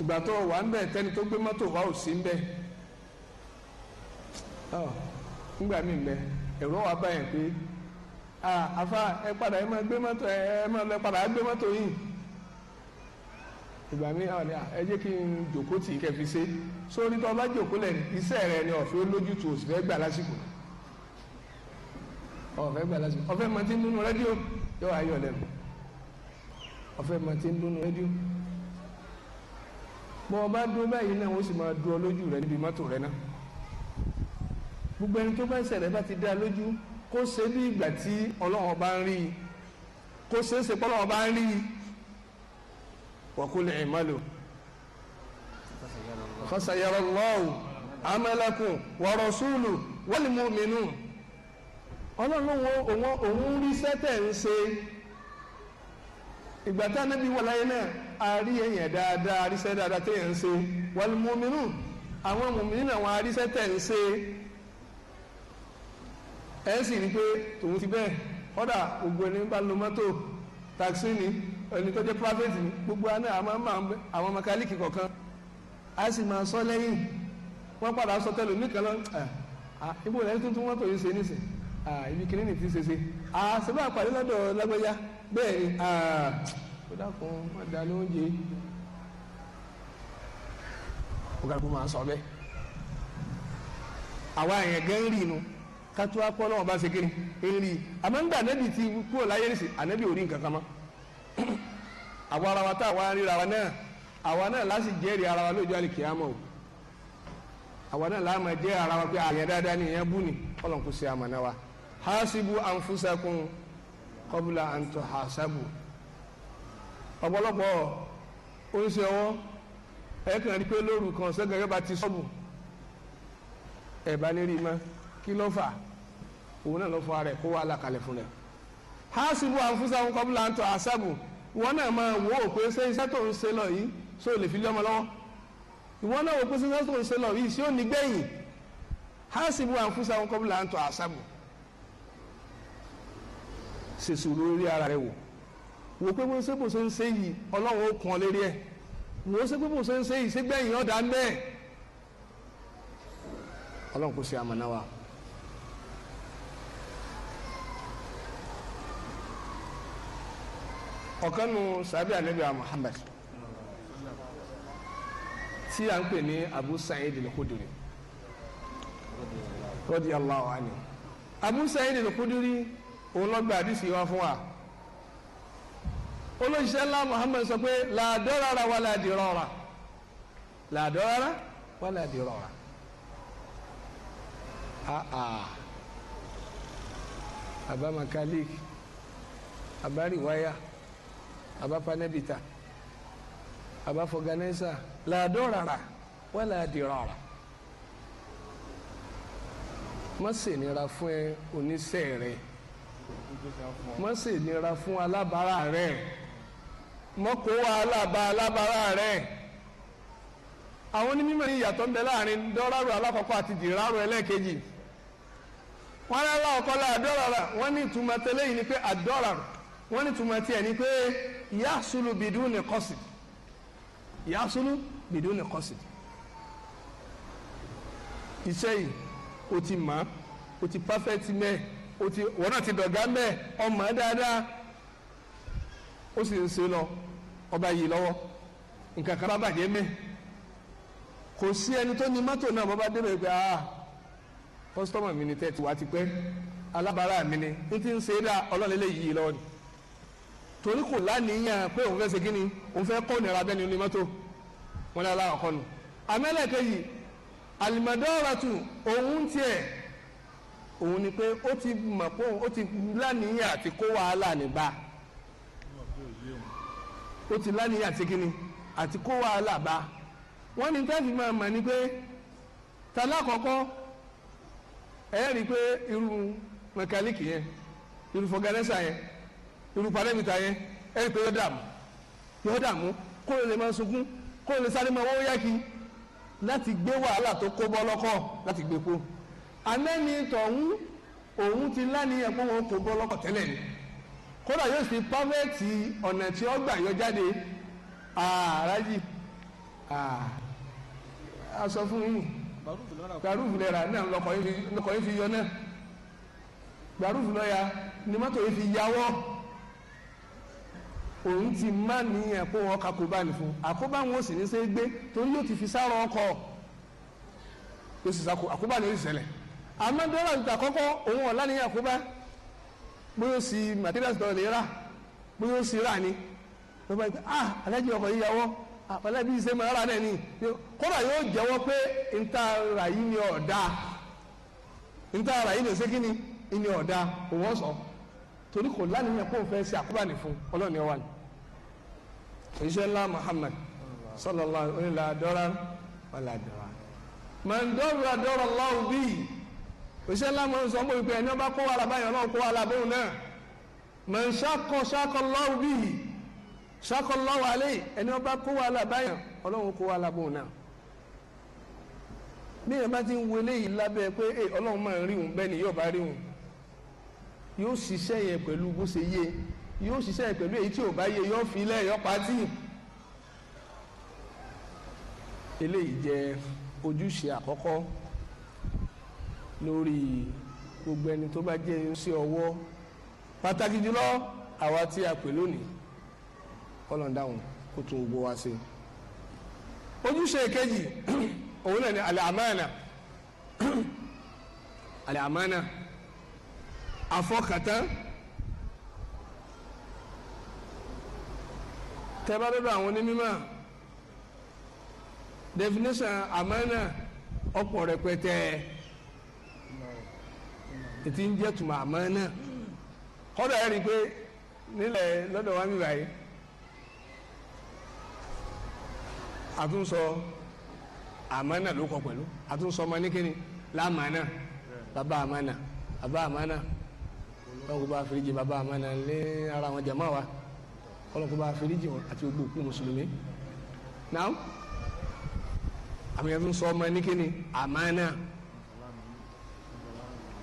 ìgbà tó wà ń bẹ̀ tẹ́ni tó gbé mọ́tò wá ò sí ń bẹ̀ ọ nígbà míì bẹ ẹ̀rọ wa bá yẹn pé àfa ẹ padà ẹ máa gbé mọ́tò ẹ máa lọ padà ẹ gbé mọ́tò yìí ìgbà mi àwọn ẹ jẹ́ kí n jòkó tì í kẹ́ fi ṣe sórí tó ọba jòkó lẹ̀ iṣẹ́ rẹ ni ọ̀fẹ́ lójútu òsì fẹ́ gbà lásìkò ọ̀fẹ́ gbà lásìkò ọ̀fẹ́ mọ̀tí ń dúnú rédíò yóò ayọ̀ lẹ́nu ọ̀fẹ́ mọ̀tí ń dúnú rédíò bọ́ ọ bá dúró báyìí náà wọ́n sì máa dú ọ lójú rẹ níbi mọ́tò rẹ náà gbogbo ẹni tó bá ń ṣẹlẹ̀ bá ti dá lójú kó ṣe ní ìgbà tí ọlọ́run bá ń rí i kó ṣe é ṣe pé ọlọ́run bá ń rí i wàkúlẹ̀ ìmọ̀lò fasayara lọ́wọ́ amẹ́lẹ́kùn wàrọ̀súlù wọ́lìmú mìínú ọlọ́run òun rí sẹ́tẹ̀ ń ṣe ìgbà tá a níbi wọ̀ láyé náà. arí èèyàn dáadáa aríṣẹ́ dáadáa téèyàn ń ṣe wal àwọn mùmínú àwọn aríṣẹ́ tẹ̀ ń ṣe ẹ̀ sì rí pé tòun ti bẹ́ẹ̀ kọ́dà gbogbo ẹni bá lo mọ́tò ni ẹni tó jẹ́ ni gbogbo àná àwọn mẹkáníìkì kọ̀ọ̀kan a sì máa sọ lẹ́yìn wọn padà sọ lọ ibo ìlànà tuntun yìí ṣe ibi ti ṣe ṣe ni ó dákun wọn da lóúnjẹ ó kàdúgbò máa sọ bẹ́ẹ̀ àwa èèyàn gẹ́ ń rí inú kátó akọ́ náà bá ṣe kiri ń rí àmọ́ nígbà ànábì ti kúrò láyé nìsí ànábì ò rí nǹkan kan mọ́ àwa ara wa tá àwa ríra wa náà àwa náà láti jẹ́rìí ara wa lọ́jọ́ àlìkìyàmọ̀ o àwa náà láàmà jẹ́ ara wa pé àyẹ̀ dáadáa ni ìyẹn bú ni ọlọ́nkú sí àmàna wa hasibu anfusakum qabla an ọ̀pọ̀lọpọ̀ oníṣẹ́ ọwọ́ ẹ̀ẹ́kan rí pé lóru kan sẹ́gẹ̀rẹ́ bá ti sọ́ọ̀bù ẹ̀bá lérí ma kí ló fà òun náà ló fọ ara ẹ̀ kó wà lákàlẹ̀ fún rẹ̀ hásìbù àfúnṣàwọn kọ́bùlà ń tọ́ àṣàbù wọn náà máa wò ó pé ṣé iṣẹ́ tó ń ṣe lọ yìí ṣé lè fi lé ọmọ lọ́wọ́ ìwọ náà wò pé ṣé iṣẹ́ tó ń ṣe lọ yìí ṣé ò ní gbẹ̀yìn hásìbù àfúnṣàwọn kọ́bùlà ń tọ́ àṣàbù ṣèṣù lórí ara rẹ̀ wò wò pé wọ́n ṣe bó ṣe ń ṣe yìí ọlọ́run ó kàn ọ́ lérí ẹ̀ wò ó ṣe pé bó ṣe ń ṣe yìí ṣégbẹ́yìn ọ̀dà ń bẹ́ẹ̀ ọlọ́run kò ṣe àmọ̀nà wa. ọ̀kan nu sàbí ànábì Muhammad tí a ń pè ní Abu Sa'id al-Khudri radiyallahu anhu Abu Sa'id al-Khudri òun ló gba wa fún wa olóṣìṣẹ́ ńlá Muhammad sọ pé làdọ́rara wà ládìrọ́ra làdọ́rara wà ládìrọ́ra ah, ah. àbá makalik àbá rìwáyà àbá panẹ́bìtà àbá fọganẹ́sà làdọ́rara wà ládìrọ́ra má ṣènira fún ẹ oníṣẹ́ rẹ má ṣènira fún alábàárà rẹ. mọ́kò wàhálà bá alábàárà àwọn onímọ̀ ní ìyàtọ̀ ń bẹ láàrin alákọ̀ọ́kọ́ àti dìrọ̀rù ẹlẹ́ẹ̀kejì wọn rárá ọkọ láàdọ́rọ̀rà wọn ní ìtumọ̀ tẹ́lẹ̀ yìí ni pé àdọ́rọ̀rù wọ́n ní ìtumọ̀ tiẹ̀ ni pé yasulu bidun ni kọ́sì ni kọ́sì o ti mọ̀ o ti pàfẹ́tì mẹ́ o ti wọ́n ti dọ̀gá mẹ́ ọmọ dáadáa o sì ń ṣe lọ. ọba yìí lọ́wọ́ nǹkan kan bá bàjẹ́ mẹ́ kò sí ẹni tó ní mọ́tò náà bọ́ba débẹ̀ pé ah kọ́sítọ́mù mi ni tẹ́tí wá ti pẹ́ alábàárà mi ni n ti ń ṣe é dá yìí lọ́wọ́ ni torí kò láníyàn pé òun fẹ́ ṣe kí ni òun fẹ́ kọ́ ní mọ́tò wọn ní òun tiẹ̀ ti mọ̀ pé ti àti kó wàhálà ó ti lánìí àti kíni àti kó wàhálà bá wọ́n ní tẹ́sí máa mọ̀ ni pé talákọ̀ọ́kọ́ ẹ̀yẹ́ rí i pé irú mẹkáníìkì yẹn irú fọgánẹ́sà yẹn irú pàdébìtà yẹn ẹ̀rí pé yọ dààmú yọ dààmú kó lè máa sunkún kó lè sáré máa wọ́wọ́ yá láti gbé wàhálà tó kó bọ́ lọ́kọ̀ láti gbé po anẹ́ni tọ̀hún òun ti lánìyàn pé wọn kò bọ́ lọ́kọ̀ tẹ́lẹ̀ ni kódà yóò sì pàfẹ́ẹ̀tì ọ̀nà tí ó gbà yọ jáde ààrájì ah, aṣọ ah, fún yín gbàrúfù lẹ́ra náà lọkọ̀ yín fi yọ náà gbàrúfù lọ́ya ni mọ́tò yín fi yáwọ́ òun ti má nìyẹn kó wọn kakóbá ní fún àkóbá wọn ò sì ní sẹ́ gbé torí yóò ti fi sáró ọkọ̀ yóò sì sá àkóbá ní orí ìṣẹ̀lẹ̀ àmọ́ dọ́là ìgbà kọ́kọ́ òun ọ̀la nìyẹn àkóbá bóyá ó sì materials tọ̀rọ̀ lè rà bóyá ó sì rà ni lọ́ba yìí pé ah alájí ọkọ̀ yìí yàwọ́ àfọlábí ah, ṣe máa rà náà ni kódà yóò jẹ́wọ́ pé níta rà yìí ni ọ̀dà níta rà yìí ni ṣé kí ni ni ọ̀dà òwò sọ torí kò lánìyàn kó fẹ́ ṣe àkóbánì fún ọlọ́ọ̀ni ọ̀wà ni iṣẹ́ ńlá Muhammad sallallahu alaihi wa sallam dọ́ra wàlá dọ́ra màá dọ́ra dọ́ra lọ́wọ́ bíi òṣìṣẹ́ ńlá mọ̀ ń sọ mọ́ ìpè ẹni ọba kó wàhálà báyọ̀ náà kó wàhálà bóun náà mọ̀ ń ṣàkọ ṣàkọ lọ́wọ́ bíi ṣàkọ lọ́wọ́ alẹ́ ẹni ọba kó wàhálà báyọ̀ ọlọ́run kó wàhálà bóun náà bí ẹ bá ti ń wọlé yìí lábẹ́ pé ẹ ọlọ́run máa ń rí òun bẹ́ẹ̀ ni yóò bá rí òun yóò ṣiṣẹ́ yẹn pẹ̀lú bó ṣe yé yóò ṣiṣẹ́ yẹn pẹ̀lú èyí tí ò bá yé yọ ojúṣe àkọ́kọ́ lórí gbogbo ẹni tó bá jẹ́ irinṣẹ́ ọwọ́ pàtàkì jùlọ àwa tí a pè lónìí kọ́lọ̀ dáhùn kó tún gbogbo wa ṣe. ojúṣe kejì òun náà ni al-amana al-amana àfọkàtà tẹ́bá lọ́dọ̀ àwọn onímọ̀ definition amana ọ̀pọ̀ rẹpẹtẹ ètí ń jẹ́ tùmọ̀ àmọ́ náà kọ́dọ̀ ẹ̀rí pé nílẹ̀ lọ́dọ̀ wa mi báyìí àtúnsọ àmọ́ náà ló kọ pẹ̀lú àtúnsọ ọmọ ní kíni láàmà náà bàbá àmọ́ náà bàbá àmọ́ náà kọ́lọ́kù bá fìríjì bàbá àmọ́ náà lé ara wọn jàmá wa kọ́lọ́kù bá fìríjì wọn àti gbogbo òkú mùsùlùmí náà àmì ẹ̀túnsọ ọmọ ní àmọ́ náà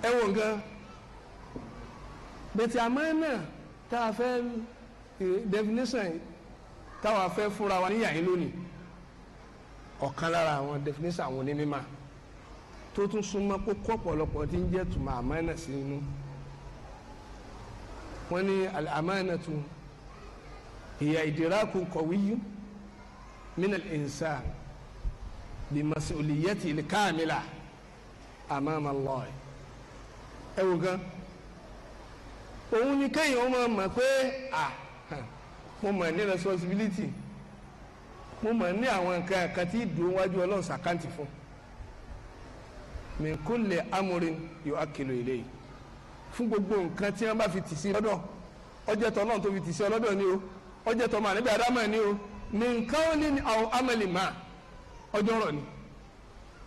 ẹ wò nǹkan bẹ̀tì àmánà tá a fẹ́ eh, definition táwa fẹ́ fúnra wa níyàá yín lónìí ọ̀kan lára àwọn definition àwọn onímọ̀ tó tún súnmọ́ kókó ọ̀pọ̀lọpọ̀ tí ń jẹ́ tùmọ̀ àmánà sí inú wọ́n ní àmánà tún ìyá ìdírákù kọ̀wíyú min al-insan bi mas'uliyati al-kamila amama Allah Ewu gan òun ni kéèyàn ó ma pé à mo mọ̀ ní responsibility mo mọ̀ ní àwọn nǹkan kan tí ìdùn wájú ọlọ́run ṣàkáǹtì fún min amúrin yóò akèlò ilé fún gbogbo nǹkan tí bá fi tì sí lọ́dọ̀ ọjọ́ tó fi tì sí ni o ojeto tó máa níbi ni o ní nǹkan ó ní àwọn máa ni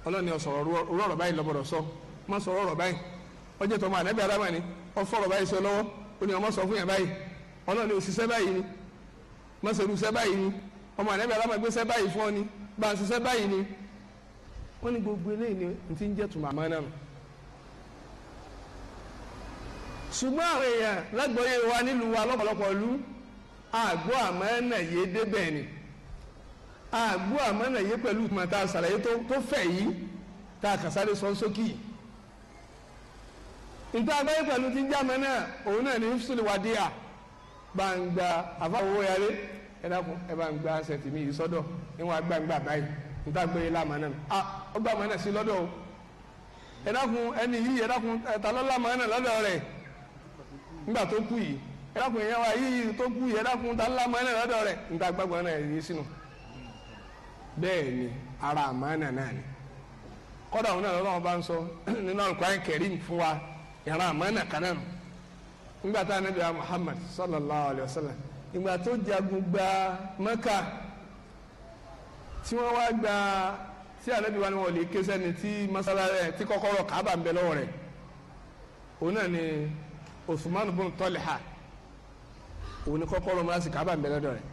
ọlọ́run ni ọ̀sọ̀rọ̀ rú báyìí sọ má ọjọ́ tọmọ ànábì adama ni ọ fọ̀rọ̀ báyìí sọ lọ́wọ́ ó ní ọmọ sọ fún yàn báyìí ọlọ́ọ̀ni òṣìṣẹ́ báyìí ni mọ̀sẹ̀lú ṣẹ́ báyìí ni ọmọ ànábì adama gbéṣẹ́ báyìí fún ọ ni gbà ṣiṣẹ́ báyìí ni wọ́n ní gbogbo eléyìí ni n ti ń jẹ́ tùmọ̀ àmọ́ náà ṣùgbọ́n àwọn èèyàn lágbọ́yé wa nílùú wa lọ́pọ̀lọpọ̀ lú àgọ́ àmọ́nà yé débẹ̀ ni àgọ́ àmọ́nà yé pẹ̀lú ìmọ̀ta àṣàlàyé tó fẹ̀ yìí tá a kà sáré yìí ìtọ́ agbáyé pẹ̀lú ti jámẹ́ náà òun náà ní fúsùlù gbangba àfáwọ́ yẹlé ẹ̀dàkùn ẹ̀ bá gba sẹ̀tì agbangba báyìí níta gbé yìí lámà náà a ah, ọgbà mọ́ náà sí gba o ẹ̀dàkùn ẹni yìí ẹ̀dàkùn ẹ̀ta lọ́la mọ́ náà tó wa tó ta lọ́la lọdọ rẹ, nta rẹ̀ náà ara náà ni òun náà bá ń sọ nínú Al-Qur'an Karim fún wa ìran àmọ́nà kanáà nù nígbà tá ànábì wa Muhammad sallallahu alayhi wa sallam ìgbà tó jagun gba Mẹ́kà tí wọ́n wá gba tí ànábì wa ni wọ́n lè ké sẹ́ni tí masalare tí kọ́kọ́rọ́ Kaaba ń bẹ lọ́wọ́ rẹ̀ òun náà ni Usman bin Talha òun ni kọ́kọ́rọ́ mọ́lásì Kaaba ń bẹ lọ́dọ̀ rẹ̀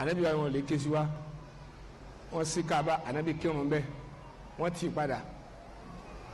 ànábì wa ni wọ́n lè ké sí wa wọ́n sí Kaaba ànábì kírun bẹ́ẹ̀ wọ́n tì padà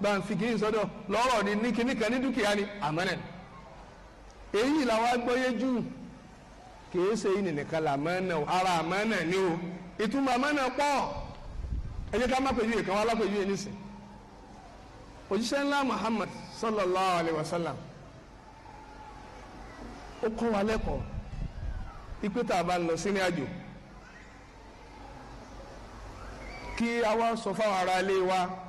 bá ń fi kí n sọ́dọ̀ lọ́rọ̀ ni ní kíní kan ní dúkìá ni àmánà èyí làwọn agbóyé jù kìí ṣe yìí nìkan làmánà ara àmánà ni o ìtumọ̀ àmánà pọ̀ ẹ jẹ́ ká má pèjú ìkan wá lápèjú yẹn nísìn òjíṣẹ́ ńlá Muhammad sallallahu alayhi wa sallam ó kọ́ wa lẹ́kọ̀ọ́ ipe tá a bá lọ sínú àjò kí a wá sọ fáwọn ará ilé wa.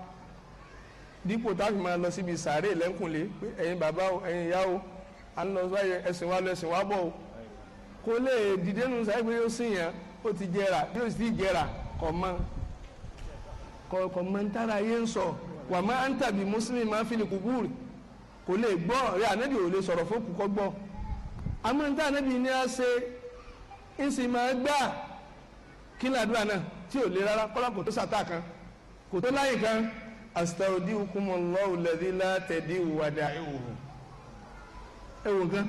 dípò táàfin máa lọ síbi sàárè lẹ́kùnlé pé ẹ̀yin bàbá o ẹ̀yin ìyá o à ń lọ báyìí ẹ̀sìn wa lọ ẹ̀sìn wa bọ̀ o kò lè dìde nù pé sìn yẹn ó ti jẹrà bí ó sì jẹrà kọ̀ mọ́ kọ̀ mọ́ ń tára yé ń sọ wà má ń tàbí mùsùlùmí máa fi lè kúkú rè kò lè kan kò tó astaudiukumullahu alladhi la tadiu wadaiuhu ẹwọ nǹkan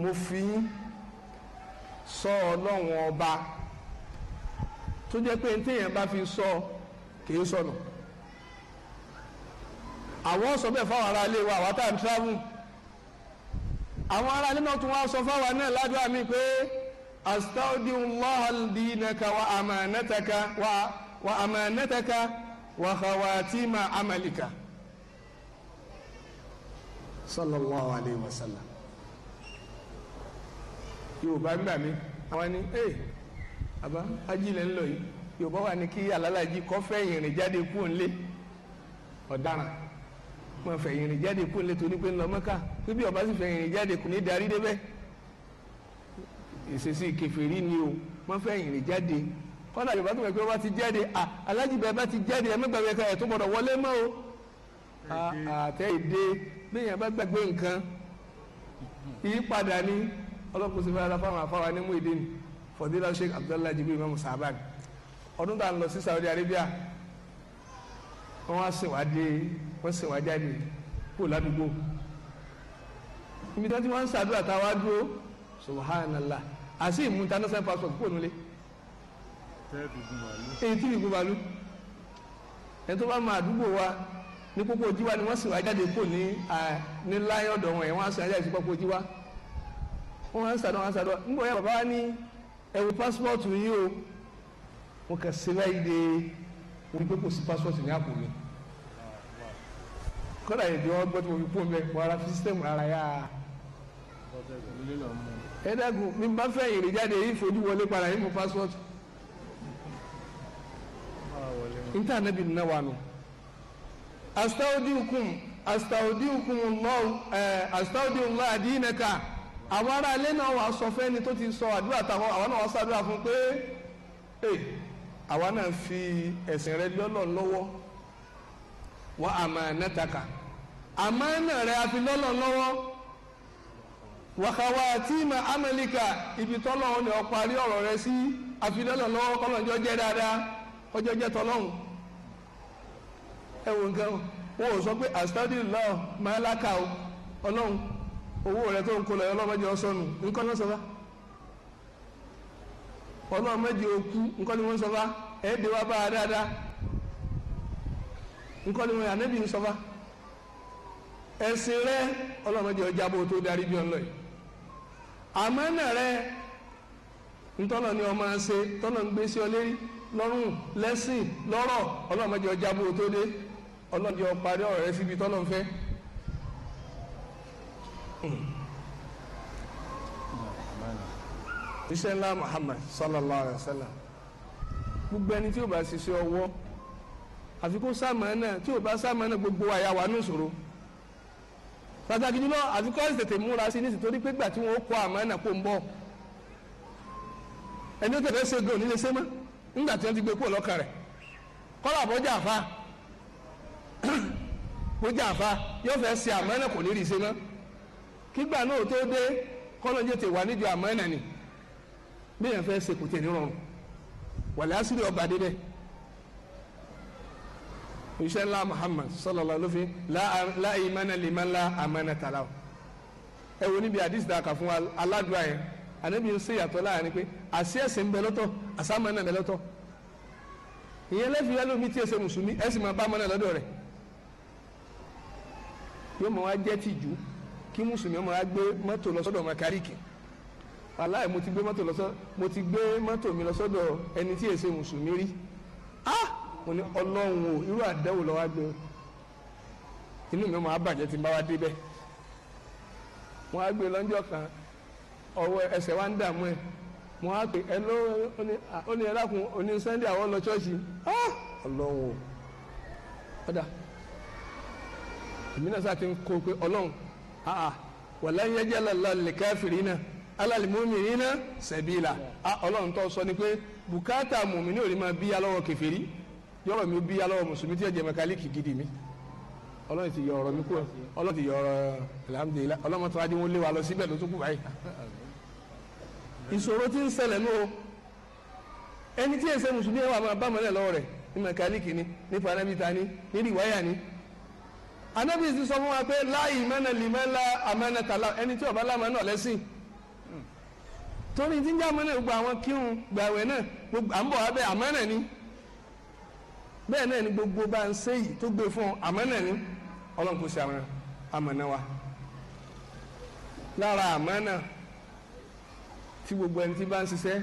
mo fi yín sọ ọlọ́run ọba tó jẹ́ pé téèyàn bá fi sọ kìí sọnù àwọn sọ bẹ́ẹ̀ fáwọn ará ilé wa àwa tá à ń travel àwọn ará ilé náà tún wá sọ fáwọn náà ládùúgbà mi pé astaudiullaha dinaka wa amanataka wa amanataka wa khawatima amalika sallallahu alayhi wa sallam yorùbá ń bà mí àwọn ni ee àbá ajílẹ̀ ńlọ yìí yorùbá wà ní kí alálàjì kọ́ fẹ́ ìrìn jáde kúrò ńlé ọ̀daràn mo fẹ́ ìrìn jáde kúrò ńlé torí pé ńlọ mọ́ká pé bí ọba sì fẹ́ ìrìn jáde kò ní darí débẹ̀ ìṣesí kèfèrí ni o mo fẹ́ ìrìn jáde kọ́dà yorùbá tó mọ̀ pé wọ́n ti jẹ́de alájìbẹ́ bá ti jẹ́de ẹ̀mí gbàgbé kan ẹ̀ tó gbọ́dọ̀ wọlé mọ́ o àtẹ ìdè bẹ́ẹ̀ bá gbàgbé nǹkan ìyípadà ni ọlọ́kùnrin sí fẹ́ràn fáwọn afáwa ní mú ìdí ni fọdílà sheikh abdullahi jibril imam sahaban ọdún tá a lọ sí saudi arabia wọ́n wá ṣèwádìí wọ́n ṣèwádìí kó ládùúgbò ibi tí wọ́n ti ń ṣàdúrà táwa dúró subhanallah àti ìmú international passport kúrò nílé èyí tí ìgùn màlúù ẹni tó bá mọ àdúgbò wa ní pópó jíwá ni wọ́n sì wá jáde kò ní ní láyọ̀ ọ̀dọ̀ wọn ẹ̀ wọ́n á sọ ajáde sí pópó jíwá wọ́n á ń sàdọ̀ wọ́n á sàdọ̀ nígbà yẹn bàbá wa ní ẹ̀wù pásítọ̀tù yìí o mo kàn sí láyé de orí pé kò sí pásítọ̀tù ní àpò mi kọ́dà yìí bí wọ́n fi pọ́n bẹ́ẹ̀ wọ́n ara fi sítẹ́mù ara yá a mi bá fẹ́ ìrìn jáde yìí fojú wọlé padà yìí mo pásítọ̀tù inta anabi nínú wa nù astaudiukum astaudiukum allah eh, astaudiukum adínaka àwọn ará ilé náà wà sọ fẹ́ni tó ti sọ àdúrà táwọn àwọn náà wà sàdúrà fún pé àwa náà fi ẹ̀sìn rẹ lọ́lọ́ lọ́wọ́ wa amanataka àmánà rẹ a fi lọ́lọ́ lọ́wọ́ wàkàwàtìmà amalika ibi tọ́lọ́ ọ̀rọ̀ rẹ sí àfi lọ́lọ́ lọ́wọ́ kọ́lọ́njọ́ jẹ́ dáadáa. ọjọ́ jẹ́ tọ́lọ́hún ẹ wò ò sọ pé àsítádì lọ máa lákà o ọlọ́hún owó rẹ tó ń kó lọ ọlọ́mọdé ọsọnù nǹkan náà sọfá ọlọ́mọdé òkú nǹkan ni wọ́n sọfá bá a dáadáa nǹkan wọ́n yà nẹ́bí ń ẹ̀sìn rẹ ọlọ́mọdé ọjà bó lọ́rùn lẹ́sìn lọ́rọ̀ ọlọ́run mẹ́jọ ọjabu tó dé ọlọ́run jẹ́ ọ̀rọ̀ rẹ síbi fẹ́. Hmm. iṣẹ́ ńlá Muhammad sallallahu alayhi gbogbo ẹni tí o bá ṣiṣẹ́ ọwọ́ àfikún sámánà tí o bá sámánà gbogbo àyà wà ní ìṣòro pàtàkì jùlọ àfikún tètè múra sí ní ìsìtórí pé gbà tí wọ́n kọ́ ń bọ̀ ẹni tó nígbà tí ti gbé kúrò lọ́kàn rẹ̀ kọ́lá bọ́jà fa bọ́jà fa yóò fẹ́ ṣe kò ní rí kígbà náà tó dé tèwà ni bí èèyàn fẹ́ ṣe kò tẹ̀ rọrùn wàlẹ́ ọba dé bẹ́ẹ̀ ńlá Muhammad la ẹ wo níbi àdìsí fún yẹn. ànábì ń ṣe yàtọ̀ láàrin pé àṣì ẹ̀sìn ń bẹ lọ́tọ̀ àṣàmọ́ náà bẹ lọ́tọ̀ ìyẹn lẹ́fì yálò mi tí ẹ ṣe mùsùlùmí ẹ sì máa bá ọmọ náà lọ́dọ̀ rẹ̀ yóò mọ̀ wá jẹ́ tìjú kí mùsùlùmí ọmọ wa gbé mọ́tò lọ ọmọ kárìkì wàláì mo ti gbé mọ́tò lọ mo ti gbé mọ́tò mi lọ ẹni tí ẹ mùsùlùmí rí ah mo ní ọlọ́run o irú àdánwò lọ́wọ́ gbé inú mi ọmọ wa ti bá wa débẹ̀ wọ́n á gbé lọ́jọ́ kan ọwọ́ ẹsẹ̀ wa ń dààmú ẹ̀ mo á pè ẹ ló ó ní ẹlákun òní sunday àwọn lọ ṣọ́ọ̀ṣì ọlọ́run o ọ̀dà èmi náà sáà ti ń kó pé ọlọ́run àà wàlá ń yẹjẹ́ lọ́lọ́lẹ̀ káfìrí náà alálìmọ́mì yín náà sẹ̀bíìlà ọlọ́run tó sọ ni pé bùkátà mùmí ní òní máa bí alọ́wọ́ kẹfìrí yọ̀rọ̀ mi bí alọ́wọ́ mùsùlùmí tí ẹ jẹ́ mẹkáníìkì gidi mi ọlọ́run ti yọ ọ̀rọ̀ mi kú ọlọ́run ti yọ alhamdulilayi ọlọ́run tó wá dé wọn lé wa lọ síbẹ̀ ló tún kú báyìí ìṣòro tí ń ṣẹlẹ̀ nù o ẹni tí èsè mùsùlùmí wà máa bá mọ́lẹ̀ lọ́wọ́ rẹ̀ ní mẹkáníìkì ni ní fanabita ni ní rìwáyà ni anabi ti sọ fún wa pé láì mẹ́nà lìmẹ́lá amẹ́nàtàlá ẹni tí ọ̀bá lámà náà lẹ́sìn torí tí ń jẹ́ amẹ́nà gbogbo àwọn kírun gbàwẹ̀ náà gbogbo à abẹ́ amẹ́nà ni bẹ́ẹ̀ náà ni gbogbo bá ń ṣe yìí tó gbé fún amẹ́nà ni ọlọ́run kò ṣe amẹ́nà wa lára amẹ́nà tí gbogbo ẹni tí bá ń ṣiṣẹ́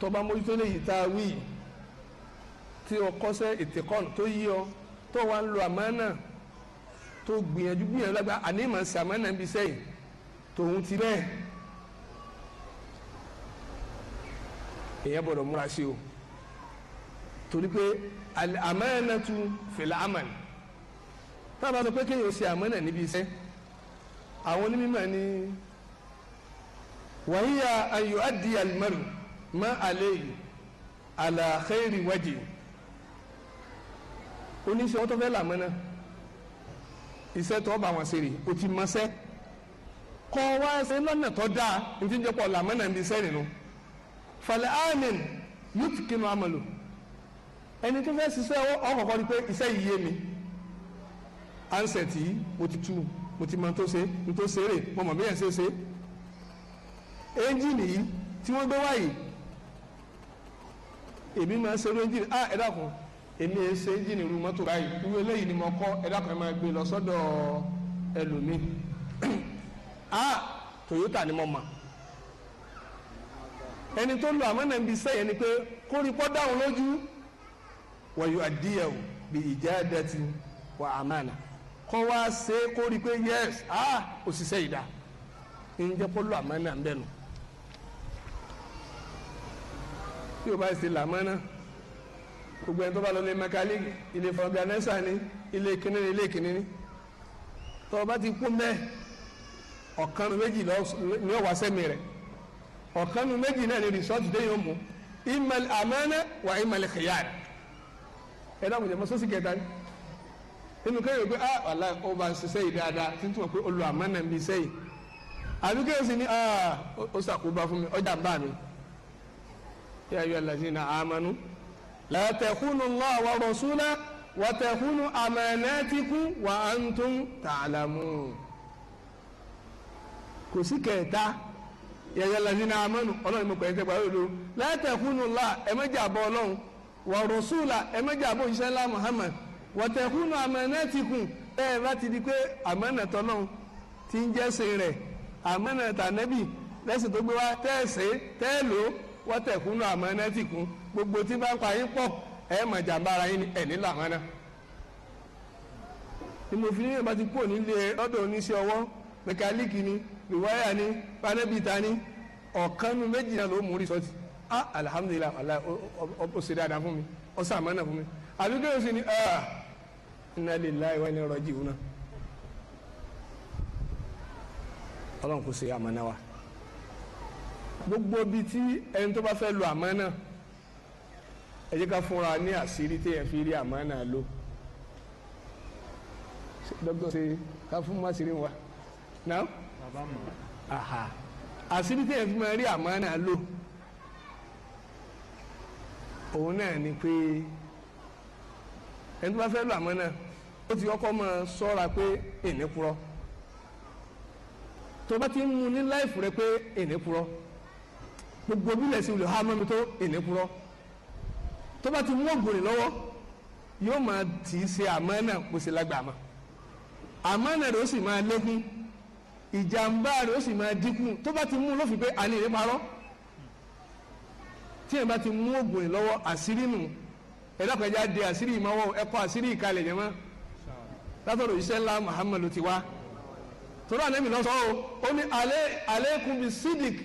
tó bá mójútó lè yí tá a wí tí o kọ́ṣẹ́ ìtẹ̀kọ́n tó yí ọ tó wá ń lo àmánà tó gbìyànjú gbìyànjú lágbá àní mà ń ṣe àmánà ń bi sẹ́yìn tòun ti bẹ́ẹ̀ èèyàn gbọ́dọ̀ múra sí o torí pé àmánàtu fil amal táwọn bá sọ pé kéèyàn ṣe àmánà níbi iṣẹ́ àwọn onímọ̀ ni. Bisay, وهي أن يؤدي المرء ما عليه على خير وجه، wọn tó fẹ́ làmọ́ náà iṣẹ́ tó bá wọn ṣe rè o ti mọṣẹ́ kọ́ wá ṣe lọ́nà tó dáa ní ti ń jẹ́pọ̀ làmọ́ náà bí iṣẹ́ nínú falẹ̀ amen yóò kinu amalo ẹni tó fẹ́ ṣiṣẹ́ ọkọ̀ọ̀kọ́ ni pé iṣẹ́ yìí mi ansẹ̀tì mo ti tu mo ti mọ tó ṣe mo tó mo mọ̀ bí ẹ̀ ṣe ṣe ẹ́ńjìnì yìí tí wọ́n gbé wáyìí èmi máa ń ṣerú ẹ́ńjìnì ah ẹ dákun èmi ẹ ṣe ẹ́ńjìnì ru mọ́tò báyìí irú eléyìí ni mo kọ́ ẹ dákun ẹ máa gbé lọ sọ́dọ̀ ẹlòmíì ah Toyota ni mo mọ̀ ẹni tó lo àmọ́nà ibi sẹ́yìn ni pé kó rí pọ́ dáhùn lójú wọ̀nyí àdíyẹ̀wò bí ìjà dẹ́tì wà àmàna kọ́ wá ṣe kó rí pé yẹ́s ah òṣìṣẹ́ ìdá ń jẹ́ pọ́ lo àmọ́nà ń bẹ̀ nù. tí o bá ṣe làmọ́nà gbogbo ẹni tó bá lọ lé mẹkáníìkì ilé fọgànẹ́sà ni ilé kínní ni ilé kínní ni tó o bá ti kú mẹ́ ọ̀kan méjì ni ó wá sẹ́mi rẹ̀ ọ̀kan méjì náà ni rìsọ́ọ̀tì dé yóò mú imal amana wa imal khiyar ẹ dáhùn jẹ́ mọ́sọ́sì kẹta ni nínú kéèyàn pé ah wàhálà ó bá ń ṣiṣẹ́ yìí dáadáa tí ń túmọ̀ pé olùamánà mi sẹ́yìn àbí sì ní ah ó ṣàkóbá fún mi ọjà ń bá mi. يا أيها الذين آمنوا لا تخونوا الله ورسوله وتخونوا أماناتكم وأنتم تعلمون كسكتا يا أيها الذين آمنوا الله يمكن تقولوا لا تخونوا الله أما جابوا لهم ورسوله أما جابوا إن شاء الله محمد وتخونوا أماناتكم ẹ bá ti di pé àmánà tọ́lọ́hún ti ń jẹ́sìn rẹ̀ àmánà tànẹ́bì lẹ́sìn tó gbé wá tẹ́ẹ̀sẹ̀ tẹ́ẹ̀lò wọ́tẹ̀kúnú àmọ́ ẹ̀nà ti kún gbogbo tí bá ń pa yín pọ̀ ẹ̀ mọ̀ jàmbá ara yín ẹ̀ nílà wọn náà. ni mo fi ní ìbá ti kúrò nílé lọ́dọ̀ oníṣẹ́ ọwọ́ mẹkáníìkì ni rìwáyà ni panẹ́bìtà ni ọ̀kan nu méjì náà ló mú rìsọ́ọ̀tì ah alihamudulilayi wàllayi ó ṣe dáadáa fún mi ó sàmọ́ náà fún mi àbí kéwòn sí ni ah inna lillahi wa inna ilaihi raji'un náà ọlọ́run kò ṣe àmọ́ wa gbogbo bíi tí ẹni tó bá fẹ́ lo àmánà ẹ jẹ́ ká fúnra ní àṣírí téèyàn fi rí àmánà lò dọ́gbọ́n ṣe ká fún màṣírí wa náà àṣírí téèyàn fi máa rí àmánà lò òun náà ni pé ẹni tó bá fẹ́ lo àmánà ó ti kọ́kọ́ máa sọ́ra pé ènìkúrọ́ tó bá ti ń mu ní láìfù rẹ pé ènìkúrọ́ gbogbo bílẹ̀ sí olè ha mọ́mi tó èlé purọ́ tó bá ti mú ògùn lọ́wọ́ yóò máa tì í ṣe àmánà kó ṣe lágbà mọ́ àmánà rẹ̀ ó sì máa lékún ìjàmbá rẹ̀ ó sì máa dínkù tó bá ti mú lófin pé àní ìrẹ́ parọ́ tí yẹn bá ti mú ògùn lọ́wọ́ àṣírí nù ẹ̀dá kọjá de àṣírí ìmọ̀wọ́ ẹ̀kọ́ àṣírí ìkalẹ̀ yẹn mọ́ látọ̀rọ̀ iṣẹ́ ńlá Muhammadu ti wá torí àná mi lọ sọ ọ́ ó ní alẹ́ alẹ́ kùn bí sídìkì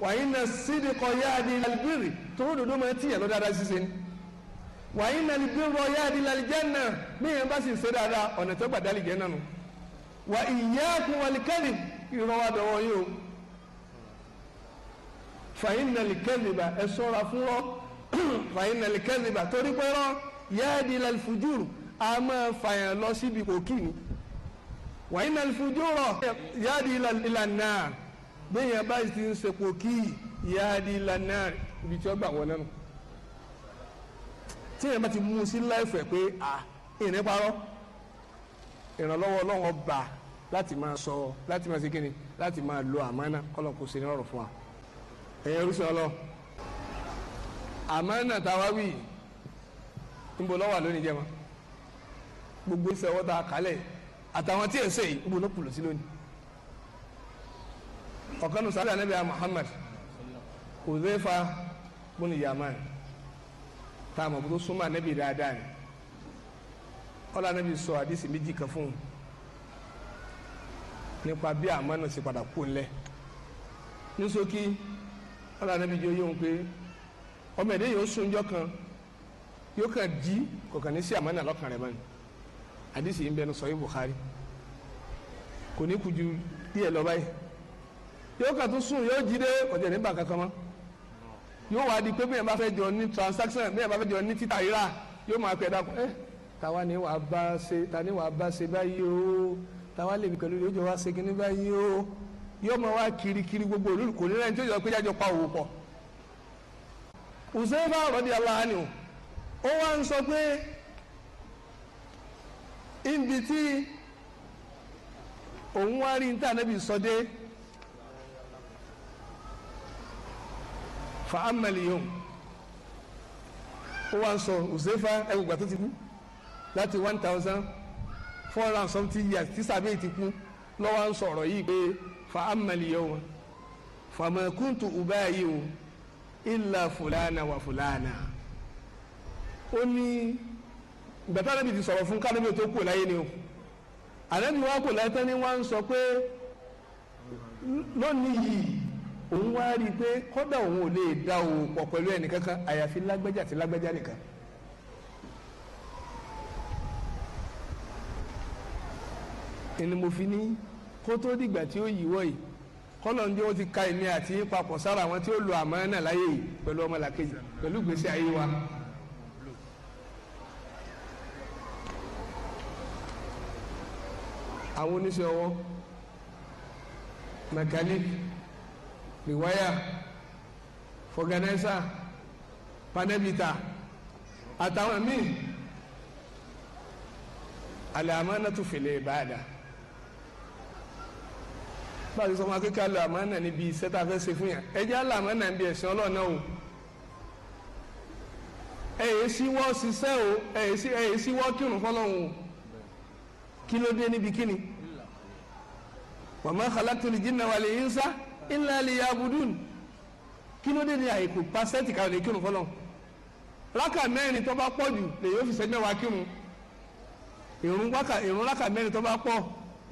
wàyí na sídi kọ yáàdì lalibiri tóró dodo máa tiyan lọ dáadáa ṣiṣẹ́ ni wàyí na libiri kọ yáàdì lalijanna bíyẹn bá sì ṣe dáadáa ọ̀nà tó gbàdá lìjẹ́nà nù wà ìyáàkùn wàlíkẹ́lì irọ́ wa dọ̀wọ́ yìí o fàyín likẹ́lì bá ẹ sọ́ra fún lọ fàyín likẹ́lì bá torí pé rọ yáàdì lalifujuru a máa fàyàn lọ síbi òkì ni wàyí na lifujuru yáàdì ìlànà bẹ́ẹ̀yàn báyìí ti ń sepo kí ìyá adi lanar ibi tí ó gbà wọ́n nánu tí èèyàn bá ti mú un sí láìfẹ̀ pé à ìrìn parọ́ ìrànlọ́wọ́ ọlọ́run ọba láti máa sọ láti máa ṣe kí ni láti máa lo àmánà kọ́lọ̀ kó ṣe ní ọ̀rọ̀ fún wa ẹ̀yin oríṣi ọlọ́ àmánà táwa wì níbo lọ́wọ́ àlónìí jẹ́ ma gbogbo ìfẹ́ ta kálẹ̀ àtàwọn tí ẹ̀ sẹ́yìn níbo ló kù sí lónìí ọ̀kan nù sábẹ́ anabi muhammad Hudhaifa bun Yaman tá a mọ̀ tó súnmọ́ anabi dáadáa ni ọ̀là anabi sọ àdìsí méjì kan fún un nípa bí àmọ́nà sì padà kú ńlẹ̀ ní ṣókí ọ̀là anabi jẹ́ oyún pé ọmọ ẹ̀dẹ́ yóò sunjọ́ kan yóò kàn jí kọ̀ọ̀kan ní sí àmọ́nà lọ́kàn rẹ̀ báyìí àdìsí yìí ń bẹnu sọ yìí Bukhari kò ní kú ju díẹ̀ lọ báyìí. yóò kàn tún sùn yóò jí dé kọjá nígbà kankan mọ́ yóò wá di pé bí ẹ bá fẹ́ jọ ní transaction bí ẹ bá fẹ́ jọ ní títà rírà yóò máa pẹ́ dákun ẹ́ eh, tàwa ni wàá bá ta ni wàá bá ṣe báyìí o tàwa lè mi pẹ̀lú yóò jọ wá kirikiri gbogbo olú kò ní yọ pa òwò pọ̀ ó wá ń sọ pé ibi tí òun wá rí ní fa amali o ó wá ń sọ òṣèfà ẹgbẹ̀gbà tó ti kú láti one thousand four and something years tí sàbẹ̀ ti kú lọ́wọ́ ń sọ̀rọ̀ yìí pé fa amali yom fama kuntu ubayi o illa fulana wa fulana ó ní gbàtà níbi ti sọ̀rọ̀ fún kánúbì tó kù láyé ni o àlẹ́ ni wọ́n kù láyé tán ni wọ́n sọ pé lónìí yìí òun wá rí i pé kódà òun ò lè da òun pọ̀ pẹ̀lú ẹnìkankan àyàfi lágbájá àti lágbájá nìkan. ẹni mo fi ní kó tó dìgbà tí ó yíwọ́ yìí kọ́lọ́n jẹ́ ó ti ka èmi àti yín papọ̀ sára àwọn tí ó lo àmọ́ náà láyé yìí pẹ̀lú ọmọlàkejì pẹ̀lú ìgbésí ayé wa. àwọn oníṣẹ́ ọwọ́ mẹkáníìkì rìwáyà fọgànẹ́sà panẹ́bìtà àtàwọn míì al-amanatu fil ibada báyìí sọ ma pé ká lo àmánà níbi iṣẹ́ tá a fẹ́ ṣe fún yàn ẹ jẹ́ àlàmánà níbi ẹ̀sìn ọlọ́run náà o ẹ yẹ sí wọ́ ṣiṣẹ́ o ẹ yẹ sí wọ́ kírun fọlọ́run o kí ló dé níbi kíni wa ma khalaqtul jinna wal illa liyabudun kí ló dé ní àìkú pàṣẹ́ǹtì kan lè kírun fọlọ́n rákà mẹ́rin tó bá pọ̀ jù lè yóò fi ṣẹ́jú mẹ́wàá kírun ìrún wákà ìrún rákà mẹ́rin tó bá pọ̀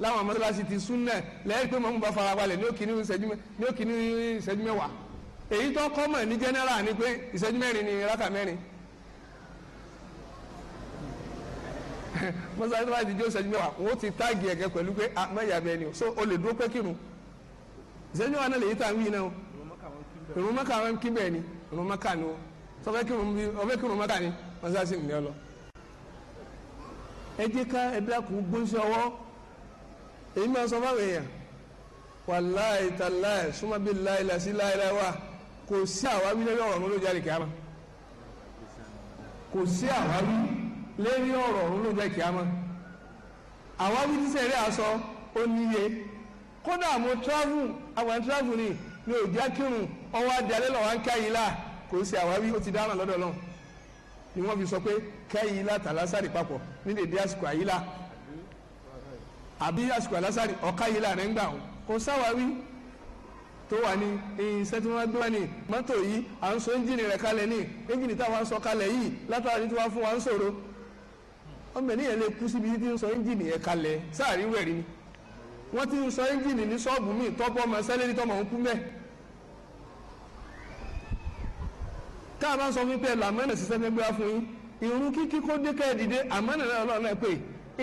láwọn mọ́tòlásì ti súnnà lẹ́yìn pé mọ́mú bá fara balẹ̀ ní òkì ní ìṣẹ́jú mẹ́wàá èyí tó kọ́ mọ̀ ní jẹ́nẹ́rà ni pé ìṣẹ́jú mẹ́rin ni rákà mẹ́rin mọ́tòlásì tó bá ti jó ìṣẹ́jú mẹ́wàá wọ́n ti táàgì ẹ̀kẹ́ pẹ̀lú pé ah, mẹ́yà bẹ́ẹ̀ ni so o lè dúró pé kírun ìṣẹ́jú wa náà lè yí tá à ń wí náà o ìrun mọ́kà wọn kí bẹ́ẹ̀ ni ìrun mọ́kà ni o sọfẹ́ kí ìrun mọ́kà ni mọ́sáàsì ń lọ. ẹ jẹ́ ká ẹ dákun gbóṣe ọwọ́ èyí máa sọ fáwọn èèyàn wàláì tàláì súnmọ́bí láì làsí láì láì wà kò sí àwáwí lórí ọ̀rọ̀ ọ̀run ló jáde kíámà kò sí àwáwí lórí ọ̀rọ̀ ọ̀run ló jáde kíámà àwáwí tí sẹ́rí àsọ ó kódà mo travel àwọn ẹni tíráfù ni mi ò jẹ́ kírun ọwọ́ adìyalẹ́ lọ́wọ́ ń káyìí là kò sí àwáwí ó ti dáhùn lọ́dọ̀ náà ni wọ́n fi sọ pé káyìí là tàlásàrì papọ̀ ní dèdè àsìkò àyí là àbí àsìkò àlásàrì ọ̀ká yìí là rẹ̀ ń gbà wọn kò sáwáwí tó wà ní iṣẹ́ tí wọ́n gbé wá ní mọ́tò yìí à ń sọ ẹ́ńjìnì rẹ̀ kalẹ̀ ní ẹ́ńjìnì táwa ń sọ kalẹ̀ yìí látara tí wọ́n fún wa ń sọ̀rọ̀ ọmọ ènìyàn lè kú síbi tí ń sọ ẹ́ńjìnì yẹn kalẹ̀ sáà rí wẹ̀rí ni wọ́n ti ń sọ ẹ́ńjìnì ní ṣọ́ọ̀bù míì tọ́pọ̀ ọmọ sẹ́lẹ̀rì tọ́mọ̀ ń kú mẹ́. tá a bá sọ fún pé làmọ́nà ṣiṣẹ́ fẹ́ gbéra fún yín irun kíkí kó dé kẹ́ẹ̀dìdé àmọ́nà náà ọlọ́run náà pé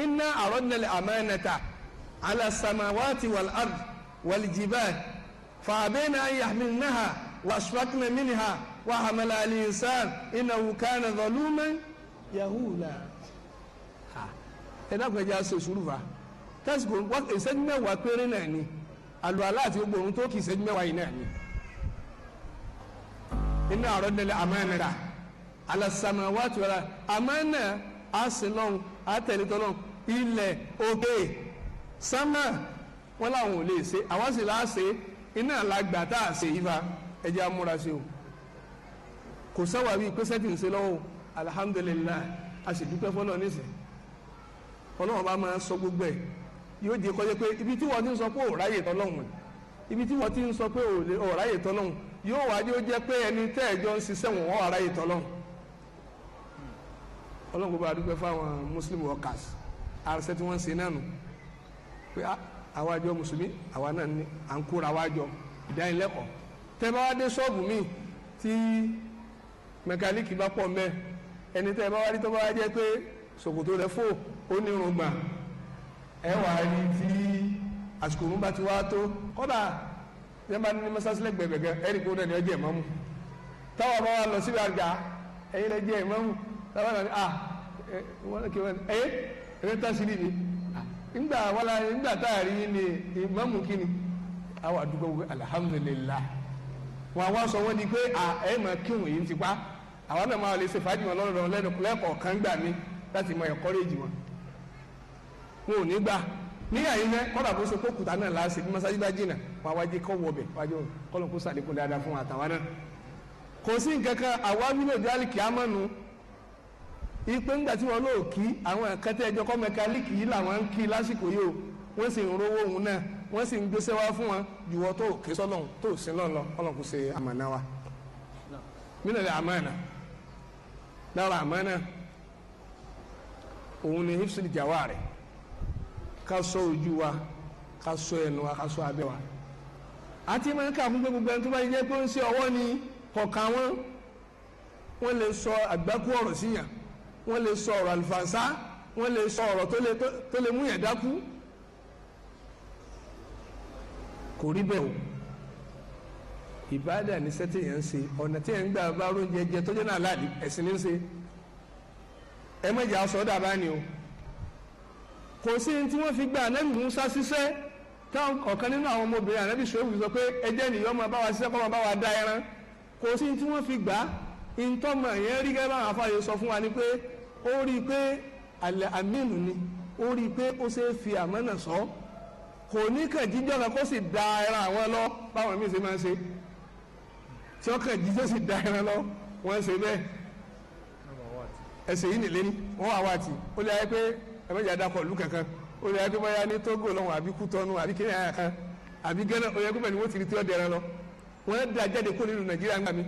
inna àrọ́dínlẹ̀ àmọ́nàta ala samawati wal ard wal jibal fàbẹ́nà yahmilnaha wàṣfàkínà minha wàhámàlà al-insan innahu kana zaluman yahula. ẹ dákun ẹ jẹ́ àṣẹ sùúrù fà á tásìkò ìṣẹ́jú mẹ́wàá péré náà ni àlùwàlá àti gbogbo ohun tó kì í ṣẹ́jú mẹ́wàá yìí náà ni. inna aradna al-amanata ala samawati wal ardi àmánà àsìlọ́hún àtẹ̀lẹ́tọ́lọ́hún ilẹ̀ òkè sánmà wọn làwọn ò lè ṣe àwọn sì láṣe iná làgbà tá a ṣe ifá ẹjẹ amúra ṣe o kò sáwà bíi pé sẹ́tì ń ṣe lọ́wọ́ alhamdulilayi a sì dúpẹ́ fọlọ́ nísìnyí ọlọ́run bá máa sọ gbogbo ẹ̀ yóò di kọjá pé ibi tí wọ́n ti ń sọ pé òòráyè tọ́lọ́hùn ibi tí wọ́n ti ń sọ pé òòráyè tọ́lọ́hùn yóò wá yóò jẹ́ pé ẹni tẹ́ ẹjọ́ ń ṣiṣẹ́ wọn wọ́n àráyè tọ́lọ́hùn ọlọ́run gbogbo àdúgbò fáwọn muslim workers àrùsẹ́ tí wọ́n ń ṣe náà nù pé ah, àwa àjọ mùsùlùmí àwa náà ní à ń kóra wa jọ ìdánilẹ́kọ̀ọ́ tẹ́ bá wá dé ṣọ́ọ̀bù míì tí mẹkáníìkì bá pọ̀ mẹ́ ẹni tẹ́ bá wá rí tó bá wá jẹ́ pé ṣòkòtò rẹ̀ fò ó ní irun gbà ẹ wà á rí tí àsìkò òun bá ti wá tó kọ́dà yẹn bá ní mọ́sáàsì lẹ́gbẹ̀ẹ́ gẹ́gẹ́ ẹ̀rí kó náà ni ọjọ́ ìmọ̀mù táwọn ọmọ wa lọ síbi àgbà ẹ̀yin lẹ táwọn náà ni a ẹ̀ ẹ̀ tán sí níbi ńgbà siri ńgbà tá a rí ni ìmọ̀mù kí ni àwọn alhamdulillah ah, ti pa wọn ò ní gbà níyà yìí fẹ́ kọ́dà kó so kókùtà náà bí masájú bá jìnà wà fún àtàwọn náà kò sí nǹkan àwa wílò dálì kì á mọ̀ ipe ńgbà tí wọn lóò kí àwọn ẹjọ́ kọ́ yìí làwọn o wọ́n sì ń rówó òun náà wọ́n sì fún wọn tó sọ́lọ́hún tó sí lọ́lọ́ ọlọ́kùn ṣe àmàna ká ṣọ́ ojú wa ká ṣọ́ ẹnu wa ká ṣọ́ abẹ́ wa àti máa ń kà fún pé gbogbo ẹni tó bá jẹ́ pé ó ń ṣe ọwọ́ ni kọ̀ọ̀ka wọn wọ́n lè sọ àgbákú ọ̀rọ̀ síyàn wọ́n lè sọ ọ̀rọ̀ àlùfànṣá wọ́n lè sọ ọ̀rọ̀ tó lè mú yàn dákú kò rí bẹ́ẹ̀ o ìbáàdà ní sẹ́tì yẹn ń ṣe ọ̀nà tí yẹn ń gbà bá oúnjẹ jẹ tó jẹ́ náà láàdì ẹ̀sìn ní ń ṣe ẹ mọ̀jà sọ́dà bá ní o kò sí ní tí wọ́n fi gba ànábì Musa ṣiṣẹ́ táwọn ọ̀kan nínú àwọn ọmọbìnrin ànábì ṣòwò sọ pé ẹjẹ́ nìyọ́ máa bá wa ṣiṣẹ́ kọ́ máa bá wa da ẹran kò sí ní tí wọ́n fi gbà ntọ́mọ yẹn rí gẹ́gẹ́ báwọn afáyọ sọ fún wa ni pé ó rí i pé alẹ́ aminu ni ó rí i pé ó ṣe é fi àmọ́nà sọ kò ní kàn jíjọ́ kan kó sì da ẹran àwọn lọ báwọn míì ṣe máa ṣe tí wọ́n kàn jíjọ́ sì da ẹran lọ wọ́n ṣe bẹ́ẹ̀ ẹsẹ̀ yìí nìlérí wọ́n wà wá tì ó lè ayé pé ẹ mẹ́jọ adakọ̀ ìlú kankan ó lè yàtọ̀ báyà ní Togo lọ́wọ́ àbí Kútọ́nù àbí Kenya kan àbí Ghana ó yẹ kó bẹ̀rẹ̀ ni wọ́n ti rí tí ó dẹ̀ra lọ wọ́n da jáde kó nínú Nàìjíríà ńgbà mi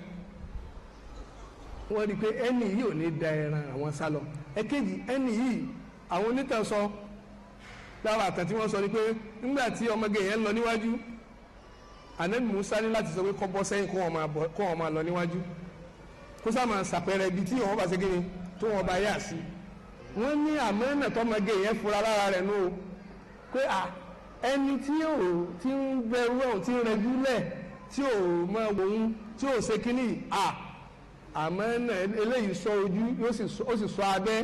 wọ́n rí i pé ẹni yìí ò ní da ẹran àwọn sálọ ẹ̀kejì ẹni yìí àwọn onítàn láwọn àtàn tí wọ́n sọ ni pé nígbà tí ọmọge yẹn ń lọ níwájú Ànábì Musa ní láti sọ pé kọ́ bọ́ sẹ́yìn kó wọn máa lọ níwájú kó sáà máa sàpẹrẹ ibi tí wọn bá ṣe kéde tó wọn bá yà sí i wọ́n ní àmọ́nà tọmọge yẹn fura lára rẹ̀ nù o pé à ẹni tí ò ti ń bẹ̀rù ọ̀hún ti ń rẹjú lẹ̀ tí ò mọ òun tí ò ṣe kínní à àmọ́nà eléyìí sọ ojú ó sì sọ abẹ́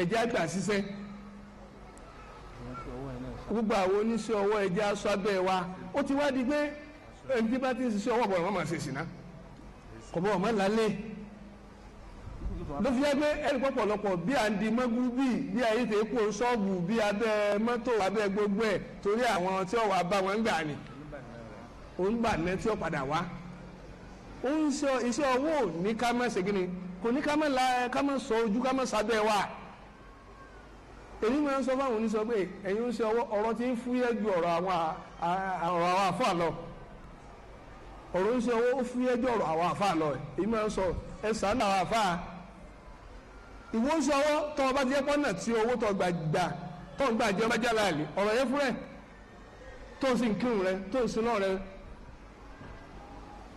ẹ̀jẹ̀ àgbà ṣiṣẹ́ gbogbo àwọn oníṣẹ́ ọwọ́ ẹ̀jẹ̀ aṣọ abẹ́ wa ó ti wá di pé ẹni tí bá ti ń ṣiṣẹ́ ọwọ́ bọ̀ ọ̀rọ̀ mọ̀ máa ṣe ṣìnà kò bọ̀ ọ̀mọ́ lálẹ́ ló fi jẹ́ pé ẹni pọ̀pọ̀lọpọ̀ bí à ń di mọ́gú bí bí ayé tẹ̀ kó ṣọ́ọ̀bù bí abẹ́ mọ́tò abẹ́ gbogbo ẹ̀ torí àwọn tí ó wá bá wọn gbà ni òun gbà ní tí ó padà wá òun ṣe iṣẹ́ owó ní ká má ṣe ni kò ní ká má la ká má sọ ojú ká má sábẹ́ wa èyí máa ń sọ fáwọn oníṣọ pé ẹ̀yin ń ṣe ọ̀rọ̀ tí ń fúyẹ́ ju ọ̀rọ̀ àwọn ọ̀rọ̀ àwọn àfọ́ àlọ́ ọ̀rọ̀ ń ṣe owó fúyẹ́ ju ọ̀rọ̀ àwọn àfọ́ àlọ́ èyí máa ń sọ ẹ̀ sàn náà àfọ́ àlọ́ ìwọ oṣù ọwọ́ tọ́ ọba ti yẹ pọ́nà tí owó tọ́ gbà gbà tọ́ ń gbà jẹ́ ọba jẹ́ aláàlì ọ̀rọ̀ yẹn fúnrẹ́ tó ń sin kírun rẹ tó ń sin náà rẹ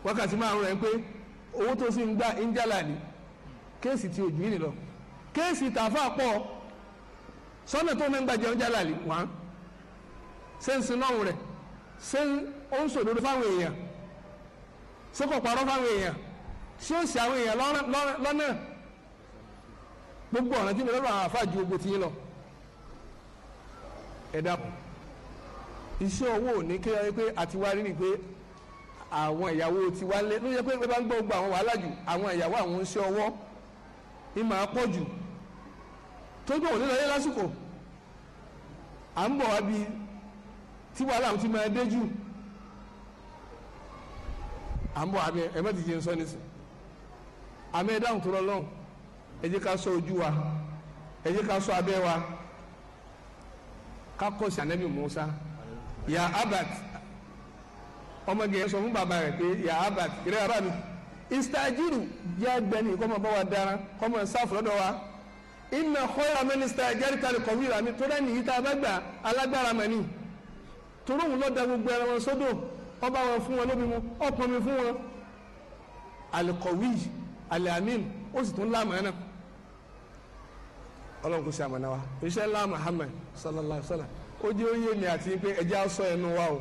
wákàtí márùn rẹ pé owó tó sì ń gbà ń jẹ́ aláàlì kéèsì ti òjì nìlọ kéèsì tààfà pọ̀ sọ́nà tó ń gbà jẹ́ ọjà aláàlì wá ṣé ń sin náà rẹ ṣé ó ń sòdodo fáwọn èèyàn ṣé kò parọ́ fáwọn èèyàn ṣé ó sì àwọn èèyàn lọ́nà gbogbo ọ̀nà tí mo lọ́rọ̀ àwọn àfáàjù gbogbo ti yín lọ ẹ dákun iṣẹ́ owó òní kí ẹ pé àti wá rí ni pé àwọn ìyàwó ti wá lé ló yẹ pé pé bá ń gbọ́ gbogbo àwọn wàhálà jù àwọn ìyàwó àwọn iṣẹ́ ọwọ́ ni màá pọ̀ jù tó gbọ́ òní lọ́yẹ́ lásìkò à ń bọ̀ wá bí tí wàhálà ti máa dé jù à ń bọ̀ wá bí ẹ mọ́ ti jẹun sọ́ni àmì ẹ̀dáhùn tó lọ lọ́hùn ẹ jẹ́ ká ṣọ́ ojú wa ẹ jẹ́ ká ṣọ́ abẹ́ wa ká kọ́ sí anabi musa ya abat ọmọge yẹn sọ fún bàbá rẹ̀ pé ya abat ìrẹ́ bàbá mi istajiru jẹ́ agbẹ́ni kọ́mọ bá wa dára kọ́mọ sáfù lọ́dọ̀ wa inna khayra man istajirta al-qawiy mi tó dání yìí tá a bá gbà alágbára mẹ́ni torí òun lọ́ọ́ da gbogbo ẹran wọn sódò ọba wọn fún wọn lóbi mu ọpọnmi fún wọn al-qawiy amin ó sì tún láàmú ẹ náà ọlọ́run kò ṣe àmọ̀nà wa iṣẹ́ ńlá Muhammad sallallahu alayhi wa sallam ó jẹ́ oyè mi àti pé ẹja sọ ẹnu wa o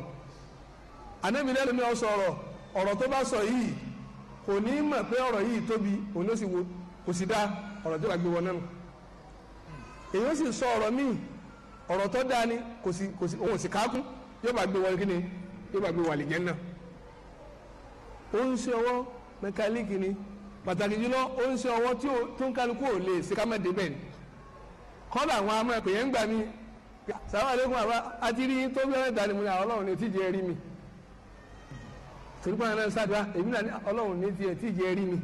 ànábì lẹ́nu mi ọ̀sọ̀ ọ̀rọ̀ ọ̀rọ̀ tó bá sọ yìí kò ní mọ̀ pé ọ̀rọ̀ yìí tóbi òun ló sì wo kò sì dá ọ̀rọ̀ tó bá gbé wọn nánu èyí ó sì sọ ọ̀rọ̀ míì ọ̀rọ̀ tó dáa ni kò sì kò sì òun sì kákún yóò bá gbé wọn kí ni yóò bá gbé wọn àlìjẹ́ náà ó ń ṣe ọwọ́ mẹkáníìkì ni pàtàkì jùlọ ó ń ṣe ọwọ́ tí ó tó ń kálukú ò lè ṣe ká má débẹ̀ ni kọ́dà àwọn amọ̀ ẹ̀kọ́ yẹn ń gbà mí sàmà àbá àti rí tó bẹ́ẹ̀ dání mu ní àwọn ọlọ́run ní tíjẹ́ rí mi torí pọ́n náà sàdúrà èmi náà ọlọ́run ní tíjẹ́ rí mi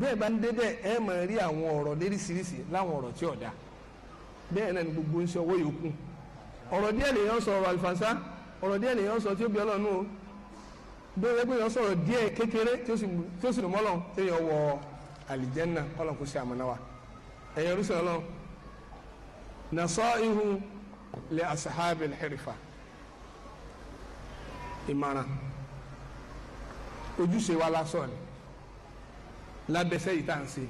bẹ́ẹ̀ bá ń dé bẹ́ẹ̀ ẹ mọ̀ rí àwọn ọ̀rọ̀ léríṣiríṣi láwọn ọ̀rọ̀ tí ọ̀dà bẹ́ẹ̀ náà ni gbogbo ń ṣe ọwọ́ yòókù ọ̀rọ̀ díẹ̀ lèèyàn sọ ọ̀rọ̀ àlùfànṣá ọ̀rọ̀ díẹ̀ lèèyàn sọ tí ó bí ọlọ́run nù bẹ́ẹ̀ pé èèyàn sọ̀rọ̀ díẹ̀ kékeré tí ó sì lùmọ́lọ́run tí èèyàn wọ àlìjẹ́nnà ọlọ́run kò ṣe àmọ́ná wa ẹ̀yẹ rúṣọ ọlọ́run nasọ ihu lè asahabi hirifa ìmọ̀ràn ojúṣe wa lásán ni lábẹ́sẹ̀ yìí tá à ń ṣe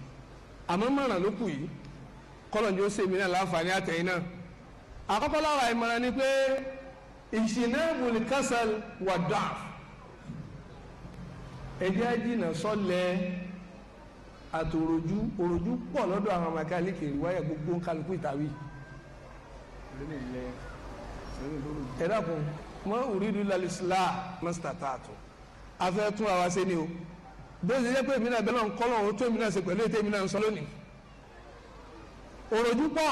àmọ́ mọ̀ràn ló kù yìí kọ́lọ̀njọ́ sèmi náà láǹfààní àtẹ̀yìn náà àkọ́kọ́ lára ìmọ̀ràn ni pé ìṣìnàbù kásán wà dáàf ẹ̀jẹ̀ jìnnà sọ́lẹ̀ àtòròjú òròjú pọ̀ lọ́dọ̀ àwọn ọmọ akẹ́lẹ́ kiri wáyà gbogbo ń kálukú ìtàwí. ẹ dákun mọ òrìdú lalisila mọ́sítà tààtù afẹ́ tún àwa ṣe ni o bó ṣe jẹ́ pé èmi náà bẹ́lẹ̀ ń kọ́ lọ́wọ́ tó èmi náà ṣe pẹ̀lú ètò èmi náà ń sọ lónìí. òròjú pọ̀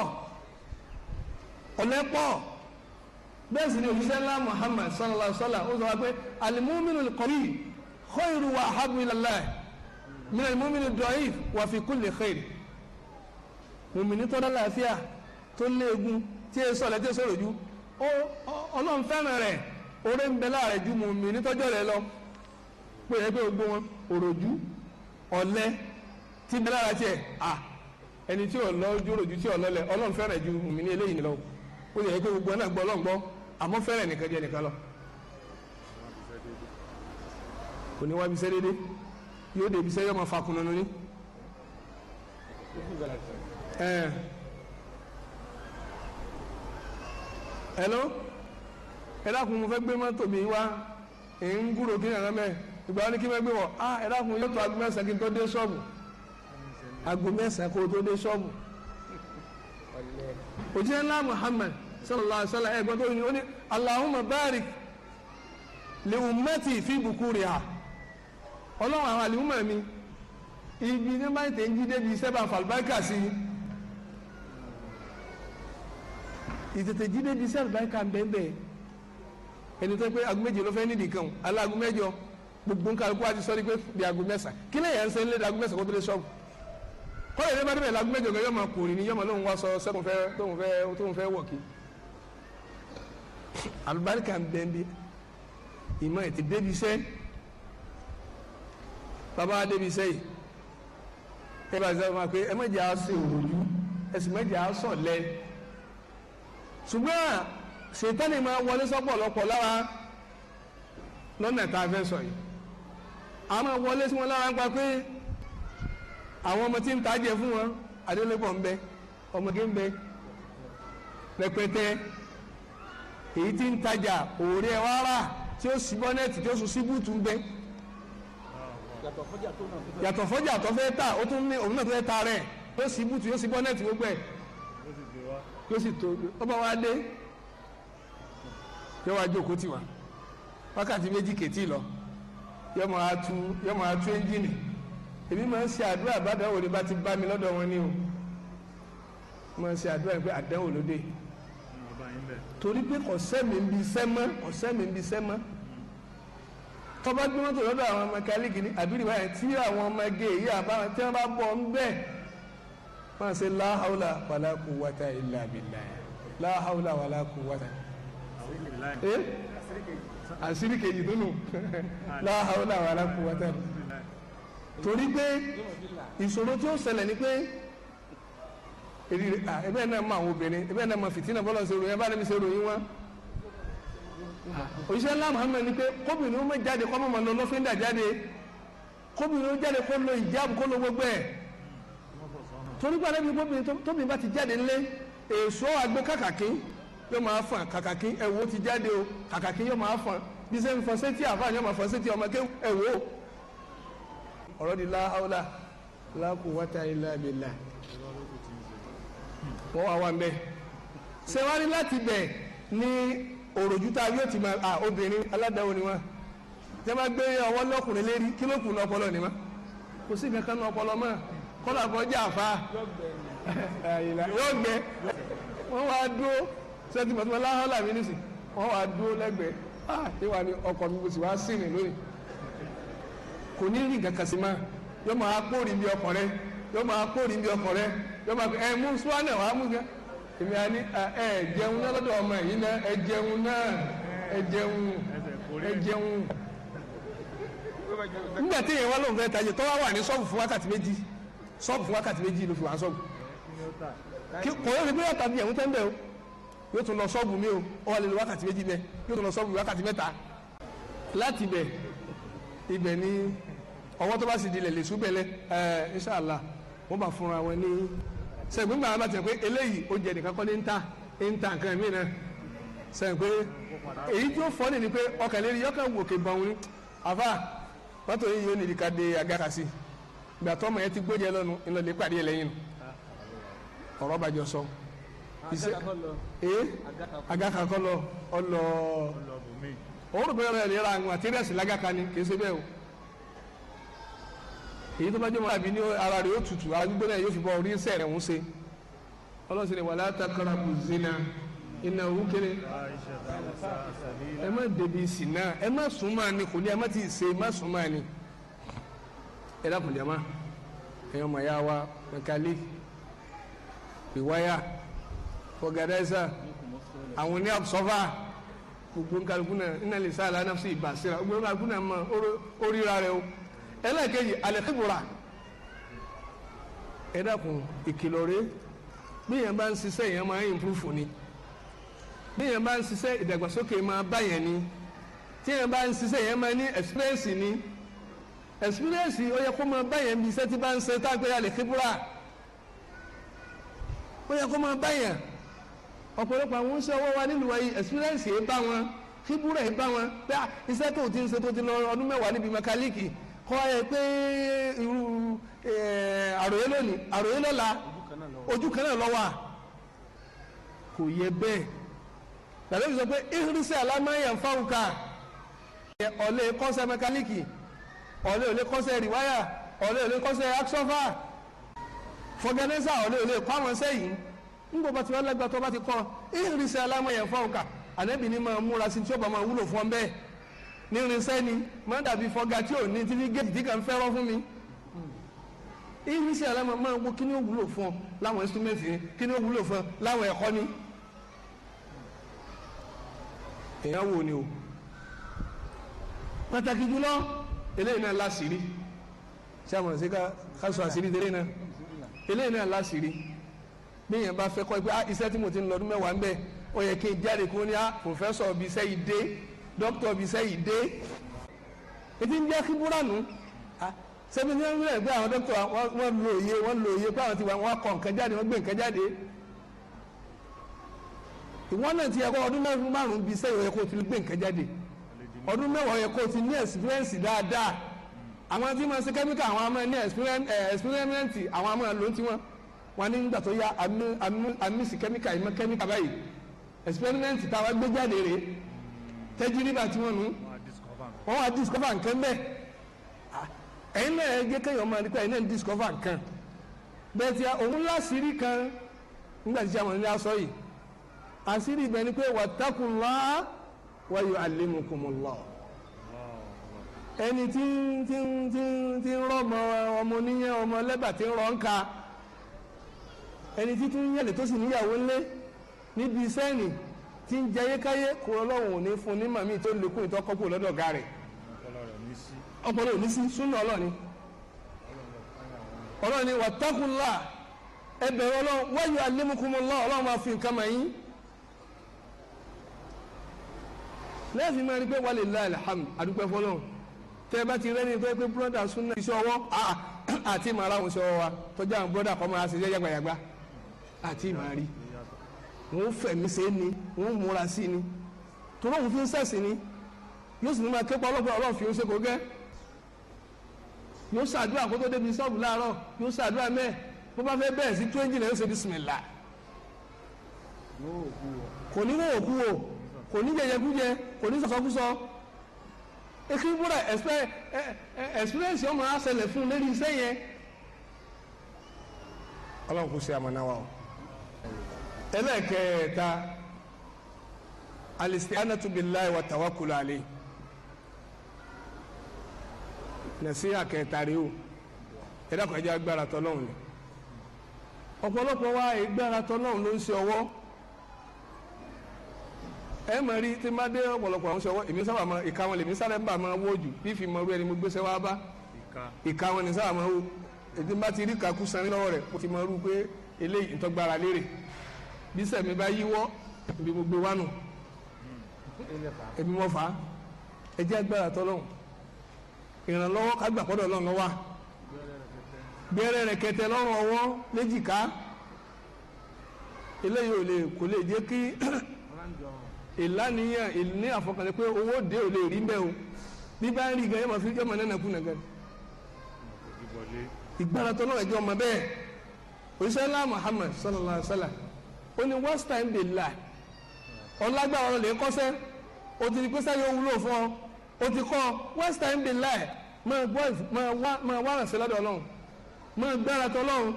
ọ̀lẹ pọ̀ bẹ́ẹ̀ sì ni òṣìṣẹ́ ńlá Muhammad sallallahu alaihi wa sallam ó sọ wá pé alimuminu kọ́rí khairu wa habu ilallah minal mumini dọ̀yìf wà fi kulli khair mùmìnì tó dá láàfíà tó ní egun tí e sọlẹ̀ tí e sọ̀rọ̀ ju ọlọ́run fẹ́ràn rẹ̀ orí ń bẹ láàrẹ̀ ju mùmìnì tọ́jọ́ rẹ̀ lọ pé ẹgbẹ́ gbogbo wọn òròjú ọ̀lẹ tí bẹ lára tiẹ̀ à ẹni tí ò lọ ojú òròjú tí ò lọlẹ̀ ọlọ́run fẹ́ràn ju mùmìnì eléyìí lọ ó yẹ kó gbogbo náà gbọ́ ọlọ́run gbọ́ àmọ́ fẹ́ràn nìkan jẹ́ nìkan lọ kò ní wá bí sẹ́ déédéé yóò débi sẹ́yọ́ máa fa kùnà lóní. Eh. hello ẹ dákun mo fẹ́ gbé mọ́tò mi wá ẹ̀ ń gúrò kí nìyàrá mẹ́ ìgbà wọn ni kí n bẹ gbé wọ̀ ah ẹ dákun yóò tó aago mẹ́sàn-án kí n tó dé ṣọ́ọ̀bù aago mẹ́sàn-án kó o tó dé ṣọ́ọ̀bù òjíṣẹ́ ńlá Muhammad sallallahu alaihi wa sallam ẹ̀ gbọ́dọ̀ ó ní Allahumma barik li ummati fi bukuriha ọlọ́run àwọn àlìmọ́ mi ibi ní bá tẹ̀ ń jí débi sẹ́bà fàlùbáríkà sí ìtètè jí débi sẹ́bàlùbáríkà ń bẹ́ẹ̀ bẹ́ẹ̀ ẹni tó pé aago méje ló fẹ́ nídìí kan aláàgó mẹ́jọ gbogbo nǹkan kó a ti sọ ni pé bí aago mẹ́sàn kí lẹ́yìn ẹ̀ńsẹ̀ ńlẹ́ aago mẹ́sàn kó tó dé ṣọ́ọ̀bù kọ́lẹ̀ ní bàtí bẹ̀rẹ̀ aago mẹ́jọ yọmọ kùnrin ni yọmọ lóun wá sọ sẹ́kùn fẹ́ tóun fẹ́ tóun fẹ́ wọ̀ kí alùbáríkà ń bẹ́ẹ̀ bí ìmọ̀ ètè débi sẹ́ẹ́ bàbá débi sẹ́yìn ẹ bá sọ ma pé ẹ mẹjẹ aṣọ òròjú ẹ sì mẹjẹ aṣọ lẹ ṣùgbọ́n ṣètánì máa wọlé sọ́pọ̀lọpọ̀ lára lọ́nà tá a fẹ́ sọ yìí a máa wọlé sí wọn lára ń pa pé àwọn ọmọ tí ń tajẹ fún wọn adélébọ̀ ń bẹ ọmọdé ń bẹ rẹpẹtẹ èyí tí ń tajà òòrè ẹ tí ó sì bọ́nẹ́ẹ̀tì tí ó sùn sí ń bẹ yàtọ̀ fọ́jà tó fẹ́ tà ó tún ní òun náà tó fẹ́ ta rẹ̀ ó sì bùtù yóò sì bọ́nẹ́ẹ̀tì gbogbo ẹ̀ yóò sì tó ọba wa dé yóò wá jókòó tì wá wákàtí méjì kètì lọ yóò máa tú ẹ́ńjìnì èmi máa ń ṣe àdúrà àbádáwò ni bá ti bá mi lọ́dọ̀ wọn ni o máa ń ṣe àdúrà pé àdáwò ló dé torí pé kò sẹ́mi ń bi sẹ́mọ́ kò sẹ́mi ń bi sẹ́mọ́ tó bá gbé mọ́tò lọ́dọ̀ àwọn mẹkáníìkì ní àbí rìwáyà tí àwọn ọmọ ẹgẹ yìí àbáwọn tí wọ́n bá bọ̀ ń bẹ̀ máa ṣe láhàúlà wàlá quwwata illa billah láhàúlà wàlá quwwata. Eh? àṣírí kejì tó nù láhàúlà wàlá quwwata. torí pé ìṣòro tí ó ni pé ebe náà mọ àwọn obìnrin ebe náà mọ fìtínà bọ́lá ṣe ròyìn abáyé mi ṣe ròyìn wọn òṣìṣẹ́ ńlá Muhammad ni pé kóbìnrin ó mọ̀ jáde kọ́ mọ̀ lọ lọ́fíńdà jáde kóbìnrin ó jáde kó lo ìjáàbù kó lo gbogbo ẹ̀ torí gbàdé mi kóbìnrin tóbi bá ti jáde ńlé èso àgbo kàkàkí yóò máa fọn kàkàkí ẹ̀wò ti jáde o kàkàkí yóò máa fọn bí sẹ́ni fọn sétí àfáà yóò máa fọn sétí ọmọ kéwù ẹ̀wò ọ̀rọ̀ di la haula la quwwata illa billah wọ́n wá wá ń bẹ́ẹ̀ ṣe wá rí láti bẹ̀ ni òròjú tá a yóò ti máa à obìnrin aládàáwò ni wọn tí wọn bá gbé ọwọ́ lọ́kùnrin lérí kí ló kù ní ọpọlọ ni wọn kò sí ìkankan ní ọpọlọ mọ́ kọ́lá kan jẹ́ àfa yóò gbẹ wọ́n wá dúró sẹ́tì mọ̀tìmọ̀ láhọ́lá mi nìsí wọ́n wá dúró lẹ́gbẹ̀ẹ́ ah ìwà ni ọkọ̀ mi kò sì wá sí mi lónìí kò ní rí nǹkan kan sí máa yọ máa kórìí bí ọkọ̀ rẹ yọ máa kórìí bí ọkọ̀ rẹ yọ máa ẹ̀ mú suwanẹ̀ wàá mú gan èmi á ní ẹ jẹun náà lọ́dọ̀ ọmọ yìí náà ẹ jẹun náà ẹ jẹun ẹ jẹun. nígbà tí èèyàn wá lóun fẹ́ tajà tó wá wà ní sọ́ọ̀bù fún wákàtí méjì sọ́ọ̀bù fún wákàtí méjì ló fi wá sọ́ọ̀bù kò yóò fi bí yàtà bí ẹ̀hún tẹ́ ń bẹ̀ o yóò tún lọ sọ́ọ̀bù mi o ó wà lè lo wákàtí méjì bẹ̀ yóò tún lọ sọ́ọ̀bù wákàtí mẹ́ta láti bẹ̀ ibẹ̀ ni ọwọ́ tó bá sì dilẹ̀ lè súbẹ̀lẹ̀ ẹ̀ inṣàlá wọ́n bá fúnra wọn ní sẹ̀gbọ́n gbàgbà tẹ̀ pé eléyìí oúnjẹ nìkan kọ́ ní ń ta ń ta nǹkan mí náà sẹ̀gbọ́n pé èyí tó fọ́ ni ni pé ọkàn lérí yọkàn wò ké bọ̀ wọn àfà pátó yìí yóò nídìí ká de àgàkà sí ìgbà tó ọmọ yẹn ti gbójẹ lọ́nu ìlọlẹ̀ pàdé ẹlẹ́yìn ọ̀rọ̀ bàjọ́ sọ àgàkà kọ́ lọ ọlọ́ọ̀ òórùn pé ọ̀rọ̀ ẹ̀ lè ra àwọn àtẹ́rẹ́sì lágàkà ni kì í ṣe bẹ́ẹ̀ o èyí tó bá jẹ́ mọ́lábí ní ara rẹ̀ yóò tutù agbígbóná yóò fi bọ́ orí sẹ́ ń ṣe ọlọ́sìn ni wàlá takara kù zina iná òwú kéré ẹ má débi sínà ẹ má sùn máa ní kò ní ẹ má ti ṣe ẹ má sùn máa ní ẹ dákun jẹ́ máa ẹ̀yàn mọ̀ ya wa mẹ̀kálí ìwáyà fọgàdáísà àwọn ní àbùsọ́fà gbogbo nkàlùkù náà iná lè sá àlànà sí gbogbo nkàlùkù náà mọ̀ ó ríra rẹ̀ o ẹlẹ́ẹ̀kejì alẹ́kẹ́gbòrà ẹ dákun ìkìlọ̀ rẹ bí yẹn bá ń ṣiṣẹ́ yẹn máa ń improve ni bí yẹn bá ń ṣiṣẹ́ ìdàgbàsókè máa bá yẹn ni tí yẹn bá ń ṣiṣẹ́ yẹn máa ní experience ni experience ó yẹ kó máa bá yẹn bí iṣẹ́ tí bá ń ṣe tá a gbé alẹ́kẹ́gbòrà ó yẹ kó máa bá yẹn ọ̀pọ̀lọpọ̀ àwọn oúnjẹ ọwọ́ wa nílùú wáyé experience yẹn bá wọn kíbúrẹ̀ yẹn bá wọn pé iṣẹ́ tó ti ń ṣe tó ti lọ ọdún mẹ́wàá níbi mẹkáníìkì kọ́ ẹ pé irú àròyé lónìí àròyé lọ́la ojú kan náà lọ́wọ́ à kò yẹ bẹ́ẹ̀ tàbí sọ pé irisẹ́ alámáyà ń fáwọn ká ọ̀lẹ́ kọ́sẹ́ mẹkáníìkì ọ̀lẹ́ òlẹ́ kọ́sẹ́ rìwáyà ọ̀lẹ́ ole kọ́sẹ́ aksọ́fà fọgẹ́nẹ́sà ọ̀lẹ́ òlẹ́ kọ́ àwọn bá ti wá lẹ́gbàá tó bá ti kọ́ irisẹ́ alámáyà ń fáwọn ká ànẹ́bì máa múra sí nírinṣẹ́ ni má dàbí fọ́gà tí ò ní tí géètì tí kàn fẹ́ràn fún mi. irinṣẹ́ aláma máa wo kí ni ó wúlò fún ọ láwọn instrument ni kí ni ó wúlò fún ọ láwọn ẹ̀kọ́ ni. èèyàn wo ni o pàtàkì jùlọ eléyìí náà láṣìírí ṣé àwọn ṣe ká sọ àṣírí tẹ́lẹ̀ náà eléyìí náà láṣìírí bíyẹn bá fẹ́ kọ́ pé ah, iṣẹ́ tí mo ti ń lọ́dún mẹ́wàá ń bẹ̀ ó yẹ kí n jáde kó ní à pòfẹ́sọ̀ bíi iṣẹ́ yìí dé dókítà bisẹ́ yìí dé etí ń jẹ́ kíbúrà nù sẹ́mi ní wọ́n gbé àwọn dókítà wọ́n lo òye wọ́n lo òye pé àwọn ti wà wọ́n kọ̀ nǹkan jáde wọ́n gbé nǹkan jáde ìwọ́n náà ti yẹ kó ọdún mẹ́rin márùn-ún bisẹ́ yẹ kó o ti gbé nǹkan jáde ọdún mẹ́wàá yẹ kó o ti ní ẹ̀sìpírẹ́ǹsì dáadáa àwọn tí eh, wọ́n ṣe kẹ́míkà àwọn amọ̀ ní ẹ̀sìpírẹ́ǹtì àwọn amọ̀ ló ń tiwọn wọn ní nígbà tó yá amísì kẹ́míkà ìmọ̀ kẹ́míkà báyìí ẹ̀sìpírẹ́ǹtì táwọn gbé rèé tẹ́jìrìbà tí wọ́n nù wọ́n wá discover nǹkan bẹ́ẹ̀ ẹ̀yin náà ẹ jẹ́ kéèyàn máa pé ẹ̀yin náà discover nǹkan bẹ́ẹ̀ kan nígbà tí sàmùlẹ̀ ní aṣọ yìí àṣírí ibẹ̀ ni pé wàtákùnlá wa ẹni tí ń tí ń tí ń tí ń ọmọ oníyẹn ọmọ lẹ́bà tí ń rọ́ ẹni tí tún tí ń jẹ yékáyé kó ọlọ́run ò ní fún ní màmí tó lékún ìtọ́kọ́pọ̀ lọ́dọ̀ ọ̀gá rẹ̀ ọpọlọ ò ní sí súnà ọlọ́ni ọlọ́ni wàtákùnlá ẹbẹ̀rẹ̀ ọlọ́run wáyọ̀ alẹ́mukùnmọ́lá ọlọ́run máa fi nǹkan mọ̀ yín lẹ́sìn máa rí pé wà lè la alhamd adúpẹ́ fọlọ́run tẹ́ ẹ bá ti rẹ́ni pé pé búrọ́dà súnà iṣẹ́ ọwọ́ àti màrá òun ṣe ọwọ́ wa tọ́jú àwọn búrọ́dà kọ́ máa ṣe yẹ́gbàyàgbà àti màrí wọ́n fẹ̀mí ṣe é ni wọ́n múra sí ni torí òun fi ń sẹ̀sìn ni yóò sì ní máa képa ọlọ́pàá ọlọ́run fi ń ṣe kò gẹ́ yóò ṣàdúrà kó tó débi ṣọ́ọ̀bù láàárọ̀ yóò ṣàdúrà mẹ́ẹ̀ bó bá fẹ́ bẹ́ẹ̀ sí twenty náà yóò ṣe bisimilá kò ní wọ́n òkú o kò ní jẹjẹkújẹ kò ní sọ̀sọ́kúsọ ekiri bóra experience ọmọ asẹlẹ̀ fún lérí iṣẹ́ yẹn ọlọ́run kò ṣe àmọ́ náà wà o ẹlẹ́ẹ̀kẹta alistianatu billahi wa tawakkulu alayhi nasiha kẹta rèé o ẹ dákun ẹ jẹ́ agbára tọ́lọ́hún ni ọ̀pọ̀lọpọ̀ wa ìgbára tọ́lọ́hún ló ń ṣe ọwọ́ ẹ mọ̀ rí tí má dé ọ̀pọ̀lọpọ̀ àwọn ṣe ọwọ́ èmi sábà máa ìka wọn lèmi sábà ń bà máa wó jù bí fi rú ẹni mo gbéṣẹ́ wá bá ìka wọn ni sábà máa wó èdè bá ti rí kakú sanrí lọ́wọ́ rẹ̀ mo ti mọ̀ rú pé eléyìí ń tọ́gbára lérè bí sẹ̀mí bá yíwọ́ ibi mo gbé wá nù ebi mo fà á ẹ jẹ́ agbára tọ́lọ́hún ìrànlọ́wọ́ kágbà pọ́dọ̀ ọlọ́run wá gbẹ́rẹ́ rẹ̀ kẹtẹ lọ́rùn ọwọ́ léjìká eléyìí ò lè kò lè jẹ́ kí ìlànìyàn ní àfọkànlẹ̀ pé owó dé ò lè rí mbẹ́ o bí bá ń rí gan yẹn máa fi jẹ́ náà nàkú nàgàn ìgbára tọ́lọ́run ẹ̀jẹ̀ ọmọ bẹ́ẹ̀ òṣìṣẹ́ ńlá Muhammad sallallahu alaihi wa sallam ó ní west time dey lie ọlágbára ọ̀rọ̀ lè kọ́sẹ́ o ti di pé sẹ́yìn owó lò fún ọ o ti kọ́ west time dey lie máa gbọ́ máa wá rànṣẹ́ lọ́dọ̀ ọlọ́run máa gbára tọ́ ọlọ́run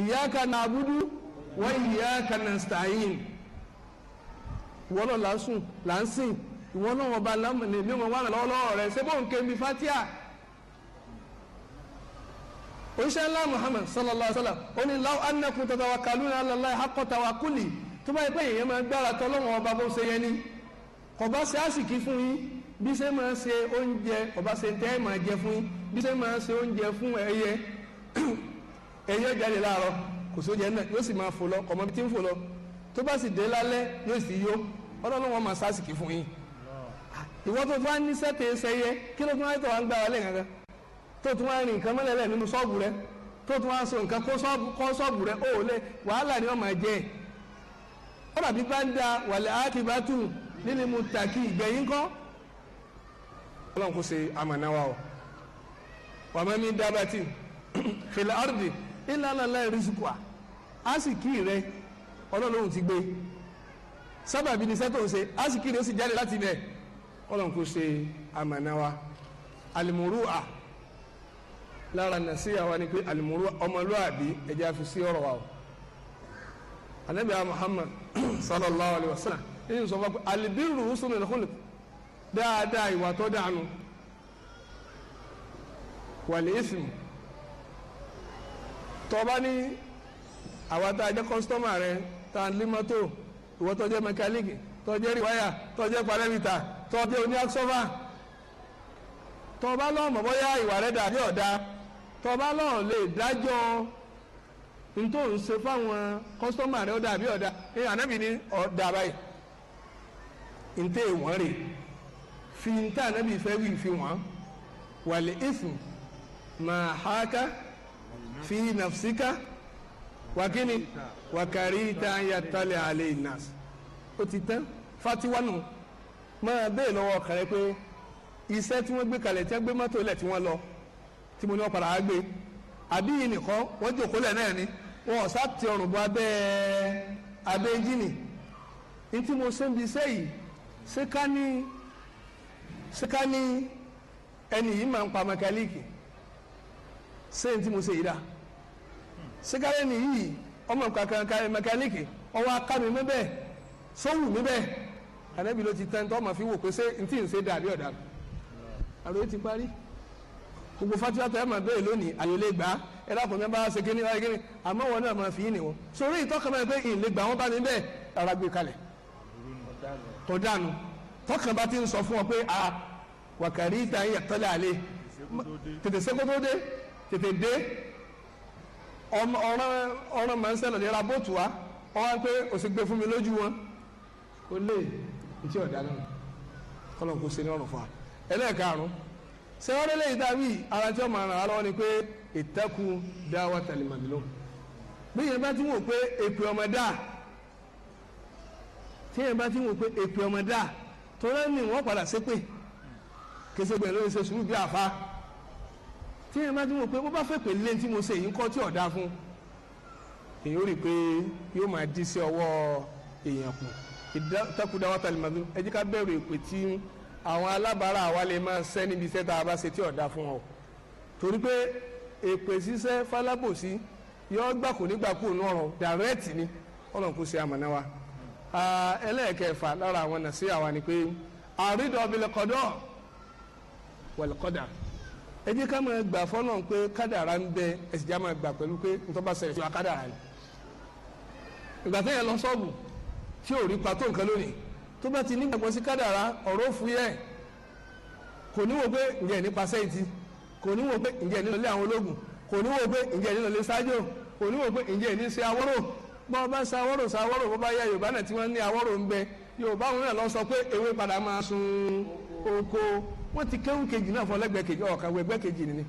iyyaka na'budu wa iyyaka nasta'in ìwọ náà là ń sùn là ń sìn ìwọ náà wọn ba lámìnì mi wọn wá ràn lọ́wọ́ lọ́wọ́ rẹ ṣé bóun ké fatia oníṣẹ́ ńlá muhammad sallallahu alayhi wa sallam ó ní law annakum tatawakkaluna ala Allahi haqqa tawakkuli tó bá yẹ pé èèyàn máa gbára tọ́lọ́wọ́n ọba bó ṣe yẹn ni kò bá ṣe àsìkí fún yín bí ṣe máa ṣe oúnjẹ kò bá ṣe tẹ́ máa jẹ fún yín bí ṣe máa ṣe oúnjẹ fún ẹyẹ ẹyẹ jáde láàárọ̀ kò sóúnjẹ náà yóò sì máa fò lọ kò bí tí ń fò lọ tó bá sì dé lálẹ́ yóò sì yó ọlọ́lọ́wọ́n máa ṣàṣìkí fún yín ìwọ́n tó fún wa ní sẹ́tẹ̀ẹ́sẹ̀yẹ kí ló fún wa tó wà ń gbára lẹ́ẹ̀kan tó tún wá rìn nǹkan mọ́lẹ̀lẹ̀ nínú ṣọ́ọ̀bù rẹ tó tún wá so nǹkan kọ́ ṣọ́ọ̀bù rẹ ó lé wàhálà ni ọmọ jẹ ọ dàbí bá ń da wàlẹ̀ àkìbátù nínú mu tàkì ìgbẹ̀yìn kọ́ ọlọ́run kò ṣe amànáwá o wà má mi dábàtì fìlà ọ́rùdì ìlànà láì rìsíkù à á sì kí rẹ ọlọ́run ti gbé sábàbí ni sẹ́tò ń ṣe á rẹ ó sì jáde láti bẹ̀ ọlọ́run kò ṣe amànáwá àlìmùrú à lára nàṣíyà wa ni pé àlùmúrú ọmọlúwàbí ẹja fi sí ọ̀rọ̀ wa o anabi muhammad sallallahu alayhi wa sallam ẹni sọ fún wa alibiru husnu al-khuluq dáadáa ìwà tó dànù wàlẹ́sìm tọ́ba ní àwa tá a jẹ́ kọ́sítọ́mà rẹ tá a lé mọ́tò ìwọ tó jẹ́ mẹkáníìkì tó jẹ́ rìwáyà tó jẹ́ parẹ́mìtà tó jẹ́ oní tọ́ba lọ́mọ bóyá ìwà rẹ dàbí ọ̀dà tọba lọ́ọ̀ lè dájọ́ ntọ́ ń ṣe fáwọn kọ́sítọ́mà rẹ ọ̀dà àbí ọ̀dà ẹ ànábì ní ọ̀dà báyìí ntẹ́ wọ́n rè fi ntẹ́ ànábì fẹ́ wí fi wọ́n wàlẹ̀ ìfún màá háká fi nàfsíká wàkíní wàkàrí ìta yàtọ̀lẹ̀ àlẹ́ ìnàs ó ti tán fatiwa nù máa bẹ́ẹ̀ lọ́wọ́ kàrẹ́ pé iṣẹ́ tí wọ́n gbé kalẹ̀ tí wọ́n gbé mọ́tò lẹ̀ tí wọ́n lọ tí mo ní wọn padà gbé àbí yìí nìkan wọn jòkó lẹ náà ni wọn ọ̀sá ti ọrùn bọ abẹ́ abẹ́ ẹ́ńjìnì ní tí mo ṣe ń bi iṣẹ́ yìí ṣé ká ní ṣé ká ní ẹni yìí máa ń pa mẹkáníìkì ṣé ní tí mo ṣe yìí dá ṣé ká lẹ́ni yìí ọmọ kankan kárí ọwọ́ aká mi mẹ́ bẹ́ẹ̀ sówù mi bẹ́ẹ̀ àdẹ́bí ló ti tẹ́ ń tọ́ ọmọ fi wò pé ṣé ní ń ṣe dàbí ọ̀dà àròyé ti parí gbogbo fatiwa tẹ ẹ máa bẹ́ẹ̀ lónìí àyè lè gbà á ẹ dákun mi bá ṣe kíní báyìí kíní àmọ́ wọn náà máa fi yín nìwọ̀n sórí ìtọ́kàn báyìí pé ìlè gbà wọ́n bá mi bẹ́ẹ̀ rárá gbé kalẹ̀ kọ̀dánù tọ́kàn bá ti ń sọ fún ọ pé a wàkàrí ìta yẹn tọ́lẹ̀ àlẹ́ tètè sẹ́kótó dé tètè dé ọ̀ràn máa ń sẹ́lọ̀ lera bóòtù wa ọ wá pé o sì gbé fún mi lójú wọn kò lè ní tí ọ̀dà náà kọ́lọ̀ kò ṣe ní ọ̀rùn fún wa ẹlẹ́ẹ̀karùn-ún ṣé wọ́n lélẹ̀ yìí dàbí ara tí wọ́n máa ràn án lọ́wọ́ ni pé ìtẹ́kù dáwọ́ tẹ̀lémàdìló bí yẹn bá ti wò pé èpè ọmọ dà tí yẹn bá ti wò pé èpè ọmọ dà tó lẹ́nu ni wọ́n padà ṣépè kése gbẹ̀ ló ń ṣe sùúrù bí àfa tí yẹn bá ti wò pé bó bá fẹ́ pè lé tí mo ṣe èyí ń kọ́ tí ọ̀dà fún èyí ó rí i pé yóò máa dí sí ọwọ́ èèyàn kù ìtẹ́kù dáwọ́ tẹ̀lémàdìló ẹ jẹ́ ká bẹ̀rù èpè tí àwọn alábàárà wa lè máa ṣẹ́ níbi iṣẹ́ tá a bá ṣe tí ọ̀dà fún ọ torí pé èpè ṣiṣẹ́ falábòsí yọ gbàkú nígbàkú nọ̀rọ̀ dàrẹ́ẹ̀tì ni ọlọ́run kò ṣe àmọ̀nà wa ẹlẹ́ẹ̀kẹfà lára àwọn nà sí àwa ni pé àrídọ̀ bìlẹ̀kọ́dọ̀ wẹ̀lẹ̀kọ́dà ẹ jẹ́ ká máa gbà fọ́nà pé kádàrá ń bẹ ẹ já máa gbà pẹ̀lú pé nítorí bá ṣẹlẹ̀ sí wa kádàrá ni ìgbà tó bá ti nígbàgbọ́ sí kádàrá ọ̀rọ̀ fúyẹ́ kò ní wo pé ǹjẹ́ nípa sẹ́yìntì kò ní wo pé ǹjẹ́ nínú ilé àwọn ológun kò ní wo pé ǹjẹ́ nínú ilé sájò kò ní wo pé ǹjẹ́ ní ṣe awọ́rò bá ṣe awọ́rò ṣe awọ́rò bó bá yorùbá náà tí wọ́n ní awọ́rò ń bẹ yorùbá wọn lọ sọ pé ewé padà máa sun oko wọ́n ti kéwù kejì náà fọlẹ́gbẹ́ kejì ọ̀kàwé ẹgbẹ́ kejì nìyí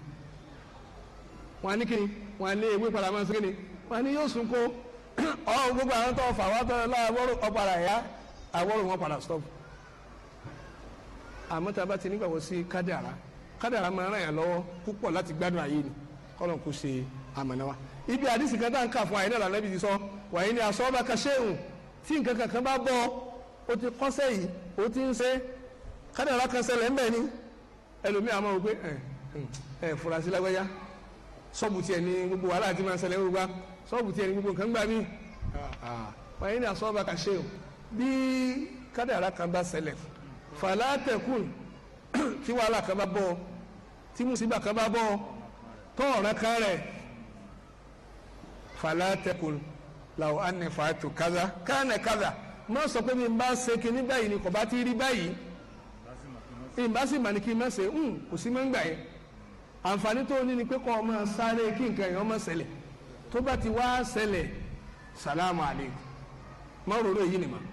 wọ́n ni ní kíni ewé padà máa àwọ̀rò wọn padà stop àmọ́ tá a bá ti nígbàgbọ́ sí kádàrá kádàrá máa ràn yàn lọ́wọ́ púpọ̀ láti gbádùn àyè ni kọ́lọ̀ kò ṣe àmọ̀nà wa ibi àdìsí kan tá à ń kà fún àyè náà lànà ibi ti sọ wàyí ni àsọ ọba kaṣẹ́ òun tí nǹkan kankan bá bọ́ ó ti kọ́sẹ́ yìí ó ti ń ṣe kádàrá kan ṣẹlẹ̀ ń bẹ̀ ni ẹlòmíì àmọ́ wò pé ẹ ẹ furasí lágbájá sọ́ọ̀bù tiẹ̀ ni gbogbo wàhálà ti máa ṣẹlẹ̀ gbogbo sọ́ọ̀bù tiẹ̀ ni gbogbo nǹkan gbà mí wàyí ni àsọ ọba kaṣẹ́ bí kádàrá kan bá ṣẹlẹ̀ fàlàtẹ̀kùn tí wàhálà kan bá bọ̀ tí mùsíbà kan bá bọ̀ tó ọ̀ràn kan rẹ̀ fàlàtẹ̀kùn làwọn ànẹ̀fàtò kaza kánẹ̀ kaza má sọ pé mi bá ṣe kinní báyìí ni kò bá ti rí báyìí ìbá sì mà ní kí hmm, kò sí mọ́ ń gbà yẹn àǹfààní tó ní ni pé kọ́ ọ máa sáré kí nǹkan yẹn ọmọ ṣẹlẹ̀ tó bá ti wá ṣẹlẹ̀ salamu aleykum mọ́ ròrò èyí nìmọ̀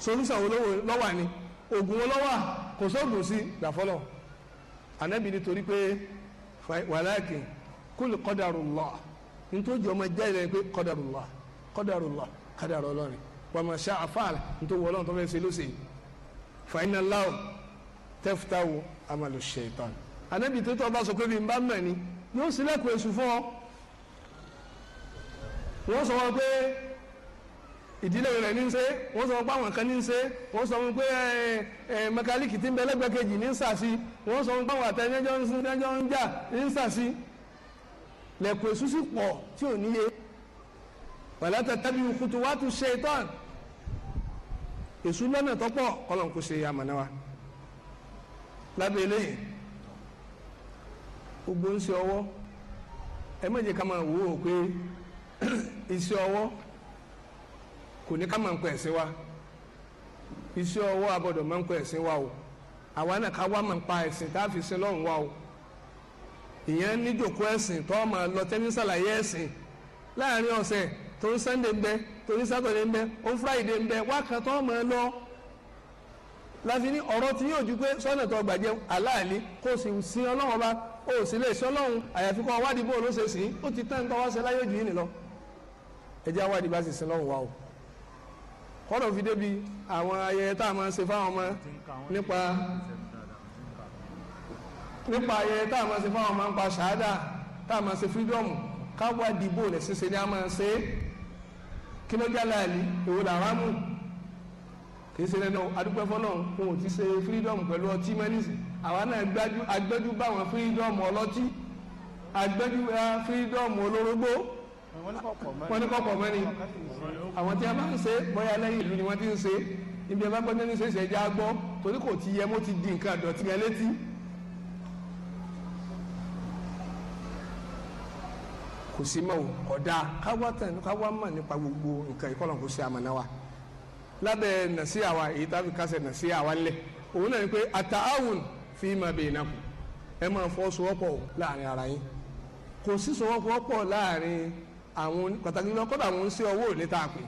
solution wo lọ́wà ni oògùn wo lọ́wà kò sóògùn sí gbàfọ́lọ̀ ànábì nítorí pé wàláàkì kúlù qadarullah nítorí ọmọ jẹ́ ìlẹ̀ pé qadarullah qadarullah kọ́dàrú ọlọ́rin wà mà ṣá àfàl nítorí wọ́n lọ́n tó fẹ́ ṣe lóṣè fa inna Allah taftahu amalu shaitan ànábì tó tọ́ bá sọ pé bí n bá mọ̀ ni yóò sílẹ̀kùn èṣù fún ọ wọ́n sọ wọn pé ìdílé rẹ̀ ní ṣe wọ́n sọ pé àwọn kan ní ṣe wọ́n sọ pé mẹkáníìkì tí ń bẹ lẹ́gbẹ̀ẹ́ kejì ní ṣàṣì wọ́n sọ pé àwọn àtẹnẹ́jọ́ ń jà ní ṣàṣì lẹ́kọ̀ọ́ èṣù sì pọ̀ tí ò níye wala tatabi'u khutuwatu shaytan èṣù lọ́nà tọ́pọ̀ Ọlọ́run kò ṣe àmàna wa lábẹ́ eléyìí gbogbo ń ṣe ọwọ́ ẹ má jẹ́ ká máa wò ó pé iṣẹ́ ọwọ́ kò ní ká máa ń kọ ẹ̀sìn wa iṣẹ́ ọwọ́ abọ́dọ̀ máa ń kọ ẹ̀sìn wa o àwa náà ká wá máa ń pa ẹ̀sìn tá a fi sin lọ́run wa o ìyẹn níjòkó ẹ̀sìn tó máa lọ tẹ́ni sàlàyé ẹ̀sìn láàrin ọ̀sẹ̀ tó ń Sunday ń bẹ tó ń Saturday ń bẹ ó ń Friday ń bẹ wákàtí tó máa lọ láti ní ọ̀rọ̀ tí yóò ju pé sọ́nà tó gbàjẹ́ aláàlí kó sì sin ọlọ́run ọba ó sì lè sin ọlọ́run àyàfi kó wádìí bó ló ṣe sìn ó ti tán tó wá ṣe láyé jù yín nìlọ ẹ jẹ́ àwádìí bá sì sin ọlọ́run wa o kọ́dọ̀ fi débi àwọn ayẹyẹ tá a máa se fáwọn ọmọ nípa nípa ayẹyẹ tá a máa se fáwọn ọmọ nípa ṣáádà tá a máa ṣe fírídọ́ọ̀mù káwá dìbò lẹ̀ ṣíṣe ni a máa ṣe é kí ló jẹ́ láàlì èwo làwọn mú kì í ṣe lẹ́nu adúpẹ́ fọ́nà òun ò ti ṣe fírídọ́ọ̀mù pẹ̀lú ọtí mẹ́nìsì àwa náà gbẹ́jú báwọn fírídọ́ọ̀mù ọlọ́tí agbẹ́jú bá fírídọ́ọ̀mù olórógbó wọ́n ní kọ́ pọ̀ mọ́ ni àwọn tí a máa ń ṣe bóyá lẹ́yìn ìlú ni wọ́n ti ń ṣe ibi ẹ̀ bá gbọ́ nínú ṣẹ̀ṣẹ̀ ẹja gbọ́ torí kò ti yẹ mo ti di nǹkan àdọ̀tí yẹn létí. kò sí mọ́ o ọ̀dà káwá tán káwá mà nípa gbogbo nǹkan ìkọlọ̀ kò sí àmàna wa lábẹ́ nàṣí àwa èyí tábí kásẹ̀ nàṣí àwa ńlẹ̀ òun náà ni pé àtàáwùn fi máa bèè nàkù ẹ máa fọ́ sowọ́pọ̀ láàrin ara yín kò sí sowọ́pọ̀ láàrin àwọn pàtàkì náà kọ́dà àwọn oníṣẹ́ ọwọ́ òní tá a pè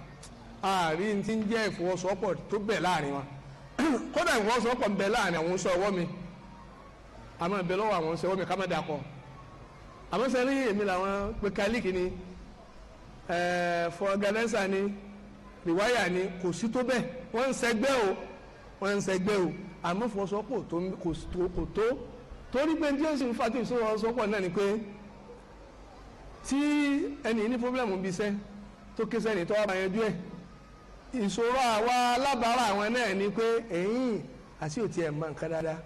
àárín tí ń jẹ́ ìfọwọ́sowọ́pọ̀ tó bẹ̀ láàrin wọn kọ́dà ìfọwọ́sowọ́pọ̀ ń bẹ láàrin àwọn oníṣẹ́ ọwọ́ mi àmọ́ ìbẹ̀ lọ́wọ́ àwọn oníṣẹ́ ọwọ́ mi ká má dakọ̀ àmọ́ sẹ́ rí èmi làwọn pé kálíkì ni eh, fọgànẹ́sà ni rìwáyà ni kò sí tó bẹ́ẹ̀ wọ́n ń sẹgbẹ́ o wọ́n ń sẹgbẹ́ o àmọ́ ìfọwọ́sowọ́pọ̀ kò tó torí pé díẹ̀ sì ń fa tí ìfọwọ́sowọ́pọ̀ náà ni pé tí ẹni ní pọ́blẹ́mù bíi sẹ́ tó ké sẹ́ni tó wá bá yanjú ẹ̀ ìṣòro àwa alábàárà àwọn náà ni pé ẹ̀yìn àti òtí ẹ̀ máa ń ká dáadáa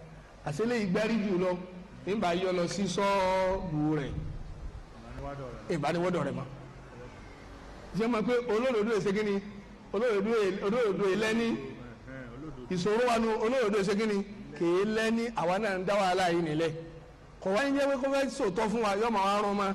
àti eléyìí gbárí jù lọ nígbà yọ lọ sí sọ́ọ̀bù rẹ̀ ìbániwọ́dọ̀ rẹ̀ mọ́ jẹ́ mọ́ pé olódodo èsè kí ni olódodo ìlẹ́ni ìṣòro wa nu olódodo èsè kí ni kèé lẹ́ni àwa náà ń dá wàhálà yìí nílẹ̀ kọ̀wá ń jẹ́ pé kó fẹ́ sòtọ́ fún wa yọ màá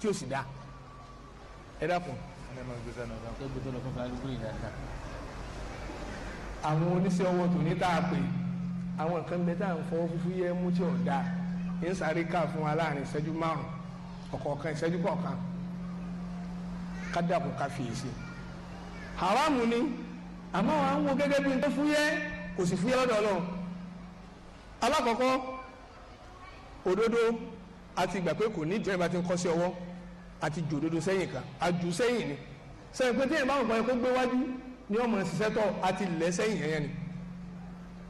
tí ó sì dá ẹ dákun. àwọn oníṣẹ́ ọwọ́ tòní tá a pè àwọn kan bẹ tá à ń fọwọ́ fúfú yẹ mú tí ò dáa ń sáré ká fún wa láàrin ìṣẹ́jú márùn-ún ọ̀kọ̀ọ̀kan ìṣẹ́jú kọ̀ọ̀kan ká dàkún ká fiyèsí. haramu ni àmọ́ àwọn àwọn wo gẹ́gẹ́ bí tó fúyẹ́ kò sì fúyẹ́ lọ́dọ̀ Ọlọ́run alákọ̀ọ́kọ́ òdodo àti ìgbà pé kò ní ìdíwẹ́ bá ń kọ́ sí ọwọ́ àti jòdodo sẹ́yìn kan àjù sẹ́yìn ni sẹ́yìn pé téèyàn bá wọn kàn kó gbé wájú ni ọmọ ṣiṣẹ́ tọ́ àti lẹ́ sẹ́yìn yẹn ni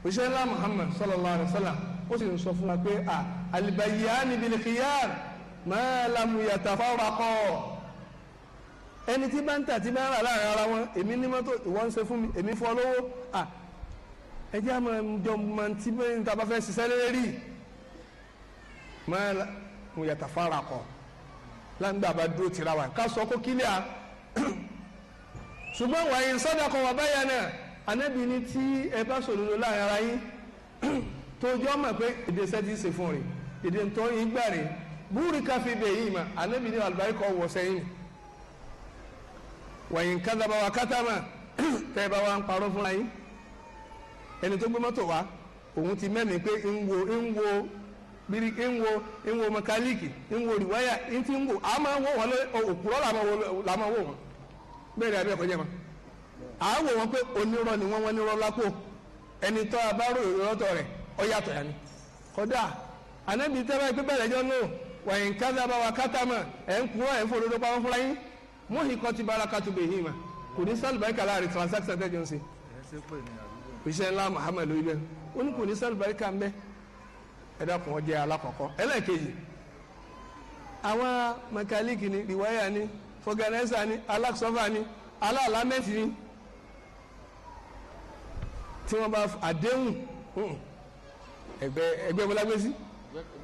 òṣìṣẹ́ ńlá Muhammad sallallahu alayhi wa sallam ó sì ń sọ fún wa pé à albayani bil khiyar ma lam yatafaraqa ẹni tí bá ń tà tí bá ń rà láàrin ara wọn èmi ní mọ́tò ìwọ ń ṣe fún mi èmi fọ́ lówó à ẹ jẹ́ àmọ́ jọ máa ti bẹ́ẹ̀ ní ta bá fẹ́ ṣiṣẹ́ lérí ma lam yatafaraqa láǹgbà bá dúró tira wa ká sọ kó kílíà ṣùgbọ́n wàyí sọ́dọ̀kọ̀ wà báyà náà anábì ní tí ẹ bá sòdodo láàrin ara yín tó jọ́ mọ̀ pé èdè sẹ́tì ṣe fún rẹ̀ èdè tó ń gbà rẹ̀ búrú káfí bẹ̀ yìí mà anábì ní àlùbáríkà wọ̀ sẹ́yìn wàyí kádàbà wà kátàmà tẹ́ ẹ bá wà ń parọ́ fúnra yín ẹni tó gbé mọ́tò wá òun ti mẹ́mìí pé ń wo ń wo biri ń wo ń wo mẹkáníìkì ń wo rìwáyà ń ti wo wọn lé òkúrọ́ la ma wo la máa wo wọn bẹ́ẹ̀ ni abẹ́ẹ̀kọ́ jẹ́ ma à á wò wọn pé onírọ́ ni wọ́n wọ́n nírọ́ lápò ẹni tọ́ a bá rò lọ́tọ̀ rẹ̀ ọ yàtọ̀ yà ni kódà ànábì tẹ́lẹ̀ pé bẹ́ẹ̀ lẹ́jọ́ nù wàyìn kádàbà wà kátàmà ẹ̀ ń kúrọ́ ẹ̀ ń fòdodo pamọ́ fúnra yín mú ìkọ́ ti bára kátó bèyí ma kò ní sálùbáríkà láàrin transaction tẹ́jọ́ ń ṣe òṣìṣẹ́ ńlá Muhammad lóyún bẹ́ẹ̀ ó ní ẹ̀dàkùn wọn jẹ́ alákọ̀ọ́kọ́ ẹlẹ́ẹ̀kejì àwọn mẹkáníìkì ni rìwáyà ni fọgànẹ́sà ni alákùsọ́fà ni aláàlámẹ́tì ni tí wọ́n bá àdéhùn ẹgbẹ́ ẹgbẹ́ ọmọlágbèsí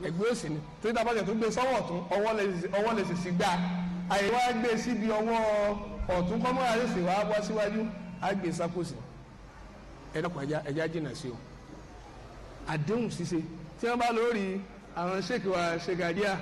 ẹgbẹ́ òsì ni torí tá a bá jẹ tó gbé sọ́wọ́ ọ̀tún ọwọ́ lè sì sí gbà àyẹ̀wò á gbé síbi ọwọ́ ọ̀tún kọ́mọ́ra lè sì wá wá síwájú á gbé sápòsì ẹ̀dàkùn ẹja jìnnà sí o àdéhùn ṣíṣe tí wọ́n bá lórí àwọn sheikh wa